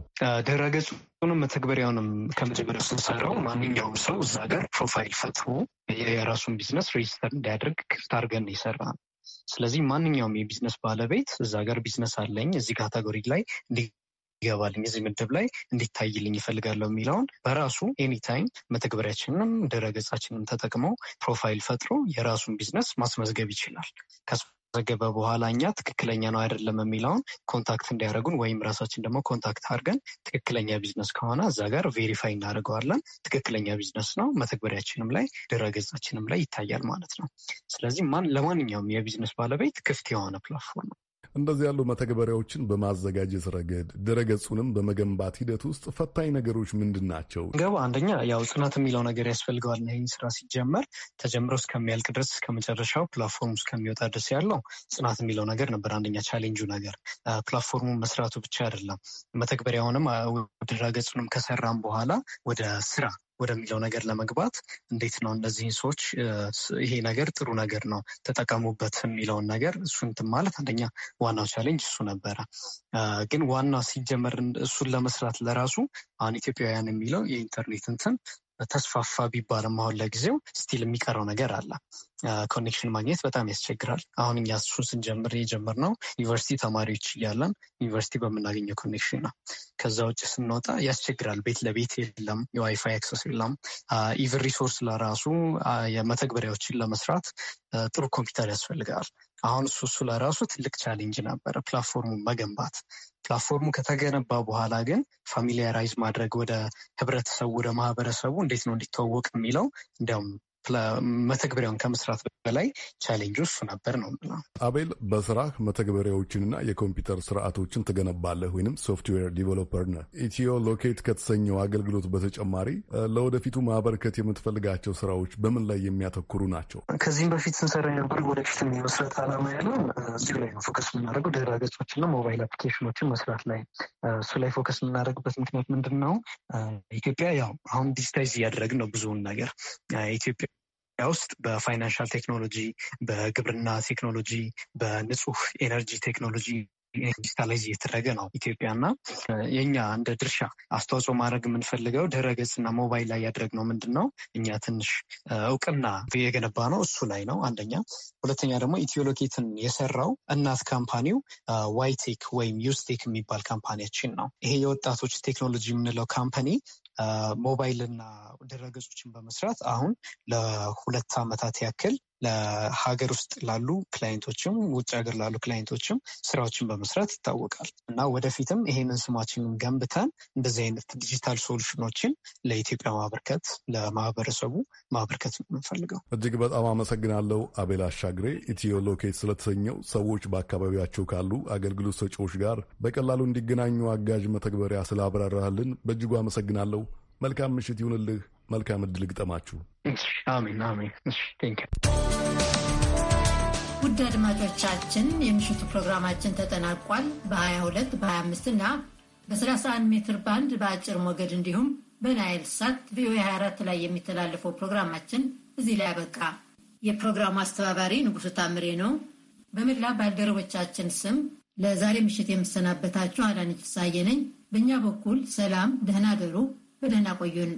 ድረገጹንም መተግበሪያውንም ከመጀመሪያው ስንሰራው ማንኛውም ሰው እዛ ጋር ፕሮፋይል ፈጥሮ የራሱን ቢዝነስ ሬጅስተር እንዲያደርግ ክፍት አድርገን ይሰራ ስለዚህ ማንኛውም የቢዝነስ ባለቤት እዛ ጋር ቢዝነስ አለኝ እዚህ ካታጎሪ ላይ ይገባልኝ እዚህ ምድብ ላይ እንዲታይልኝ ይፈልጋለሁ የሚለውን በራሱ ኤኒታይም መተግበሪያችንንም ድረገጻችንም ተጠቅመው ፕሮፋይል ፈጥሮ የራሱን ቢዝነስ ማስመዝገብ ይችላል። ዘገበ በኋላ እኛ ትክክለኛ ነው አይደለም የሚለውን ኮንታክት እንዲያደርጉን ወይም ራሳችን ደግሞ ኮንታክት አድርገን ትክክለኛ ቢዝነስ ከሆነ እዛ ጋር ቬሪፋይ እናደርገዋለን። ትክክለኛ ቢዝነስ ነው፣ መተግበሪያችንም ላይ ድረገጻችንም ላይ ይታያል ማለት ነው። ስለዚህ ማን ለማንኛውም የቢዝነስ ባለቤት ክፍት የሆነ ፕላትፎርም ነው። እንደዚህ ያሉ መተግበሪያዎችን በማዘጋጀት ረገድ ድረገጹንም በመገንባት ሂደት ውስጥ ፈታኝ ነገሮች ምንድን ናቸው? ገቡ አንደኛ ያው ጽናት የሚለው ነገር ያስፈልገዋል። ይህን ስራ ሲጀመር ተጀምሮ እስከሚያልቅ ድረስ እስከመጨረሻው ፕላትፎርም እስከሚወጣ ድረስ ያለው ጽናት የሚለው ነገር ነበር። አንደኛ ቻሌንጁ ነገር ፕላትፎርሙ መስራቱ ብቻ አይደለም፣ መተግበሪያውንም ድረገጹንም ከሰራም በኋላ ወደ ስራ ወደሚለው ነገር ለመግባት እንዴት ነው እነዚህን ሰዎች ይሄ ነገር ጥሩ ነገር ነው ተጠቀሙበት የሚለውን ነገር እሱን እንትን ማለት አንደኛ ዋናው ቻሌንጅ እሱ ነበረ። ግን ዋና ሲጀመር እሱን ለመስራት ለራሱ አሁን ኢትዮጵያውያን የሚለው የኢንተርኔት እንትን ተስፋፋ ቢባልም አሁን ለጊዜው ስቲል የሚቀረው ነገር አለ። ኮኔክሽን ማግኘት በጣም ያስቸግራል። አሁን እኛ እሱን ስንጀምር የጀመርነው ዩኒቨርሲቲ ተማሪዎች እያለን ዩኒቨርሲቲ በምናገኘው ኮኔክሽን ነው። ከዛ ውጭ ስንወጣ ያስቸግራል። ቤት ለቤት የለም፣ የዋይፋይ አክሰስ የለም። ኢቨን ሪሶርስ ለራሱ የመተግበሪያዎችን ለመስራት ጥሩ ኮምፒውተር ያስፈልጋል። አሁን እሱ እሱ ለራሱ ትልቅ ቻሌንጅ ነበረ፣ ፕላትፎርሙን መገንባት። ፕላትፎርሙ ከተገነባ በኋላ ግን ፋሚሊያራይዝ ማድረግ ወደ ህብረተሰቡ ወደ ማህበረሰቡ እንዴት ነው እንዲተዋወቅ የሚለው እንዲያውም መተግበሪያውን ከመስራት በላይ ቻሌንጁ እሱ ነበር ነው አቤል፣ በስራህ መተግበሪያዎችንና የኮምፒውተር ስርዓቶችን ትገነባለህ ወይም ሶፍትዌር ዲቨሎፐር ነህ። ኢትዮ ሎኬት ከተሰኘው አገልግሎት በተጨማሪ ለወደፊቱ ማበረከት የምትፈልጋቸው ስራዎች በምን ላይ የሚያተኩሩ ናቸው? ከዚህም በፊት ስንሰራ የነበረ ወደፊት የመስራት አላማ ያለ እዚሁ ላይ ነው ፎከስ የምናደርገው ድረ ገጾችና ሞባይል አፕሊኬሽኖችን መስራት ላይ እሱ ላይ ፎከስ የምናደርግበት ምክንያት ምንድን ነው? ኢትዮጵያ ያው አሁን ዲጂታይዝ እያደረግን ነው ብዙውን ነገር ኢትዮጵያ ውስጥ በፋይናንሻል ቴክኖሎጂ፣ በግብርና ቴክኖሎጂ፣ በንጹህ ኤነርጂ ቴክኖሎጂ ዲጂታላይዝ እየተደረገ ነው። ኢትዮጵያና የኛ እንደ ድርሻ አስተዋጽኦ ማድረግ የምንፈልገው ድረ ገጽና ሞባይል ላይ ያደረግነው ምንድን ነው? እኛ ትንሽ እውቅና የገነባ ነው እሱ ላይ ነው አንደኛ። ሁለተኛ ደግሞ ኢትዮሎኬትን የሰራው እናት ካምፓኒው ዋይቴክ ወይም ዩስቴክ የሚባል ካምፓኒያችን ነው። ይሄ የወጣቶች ቴክኖሎጂ የምንለው ካምፓኒ ሞባይል ድረገጾችን በመስራት አሁን ለሁለት ዓመታት ያክል ለሀገር ውስጥ ላሉ ክላይንቶችም ውጭ ሀገር ላሉ ክላይንቶችም ስራዎችን በመስራት ይታወቃል እና ወደፊትም ይሄንን ስማችንን ገንብተን እንደዚህ አይነት ዲጂታል ሶሉሽኖችን ለኢትዮጵያ ማበርከት ለማህበረሰቡ ማበርከት ነው የምንፈልገው። እጅግ በጣም አመሰግናለሁ። አቤል አሻግሬ ኢትዮ ሎኬት ስለተሰኘው ሰዎች በአካባቢያቸው ካሉ አገልግሎት ሰጪዎች ጋር በቀላሉ እንዲገናኙ አጋዥ መተግበሪያ ስላብራራህልን በእጅጉ አመሰግናለሁ። መልካም ምሽት ይሁንልህ። መልካም እድል ግጠማችሁ። ውድ አድማጮቻችን የምሽቱ ፕሮግራማችን ተጠናቋል። በ22 በ25 እና በ31 ሜትር ባንድ በአጭር ሞገድ እንዲሁም በናይል ሳት ቪኦኤ 24 ላይ የሚተላለፈው ፕሮግራማችን እዚህ ላይ አበቃ። የፕሮግራሙ አስተባባሪ ንጉሱ ታምሬ ነው። በመላ ባልደረቦቻችን ስም ለዛሬ ምሽት የምሰናበታችሁ አዳነች ፍስሐዬ ነኝ። በእኛ በኩል ሰላም፣ ደህና ደሩ። በደህና ቆዩን።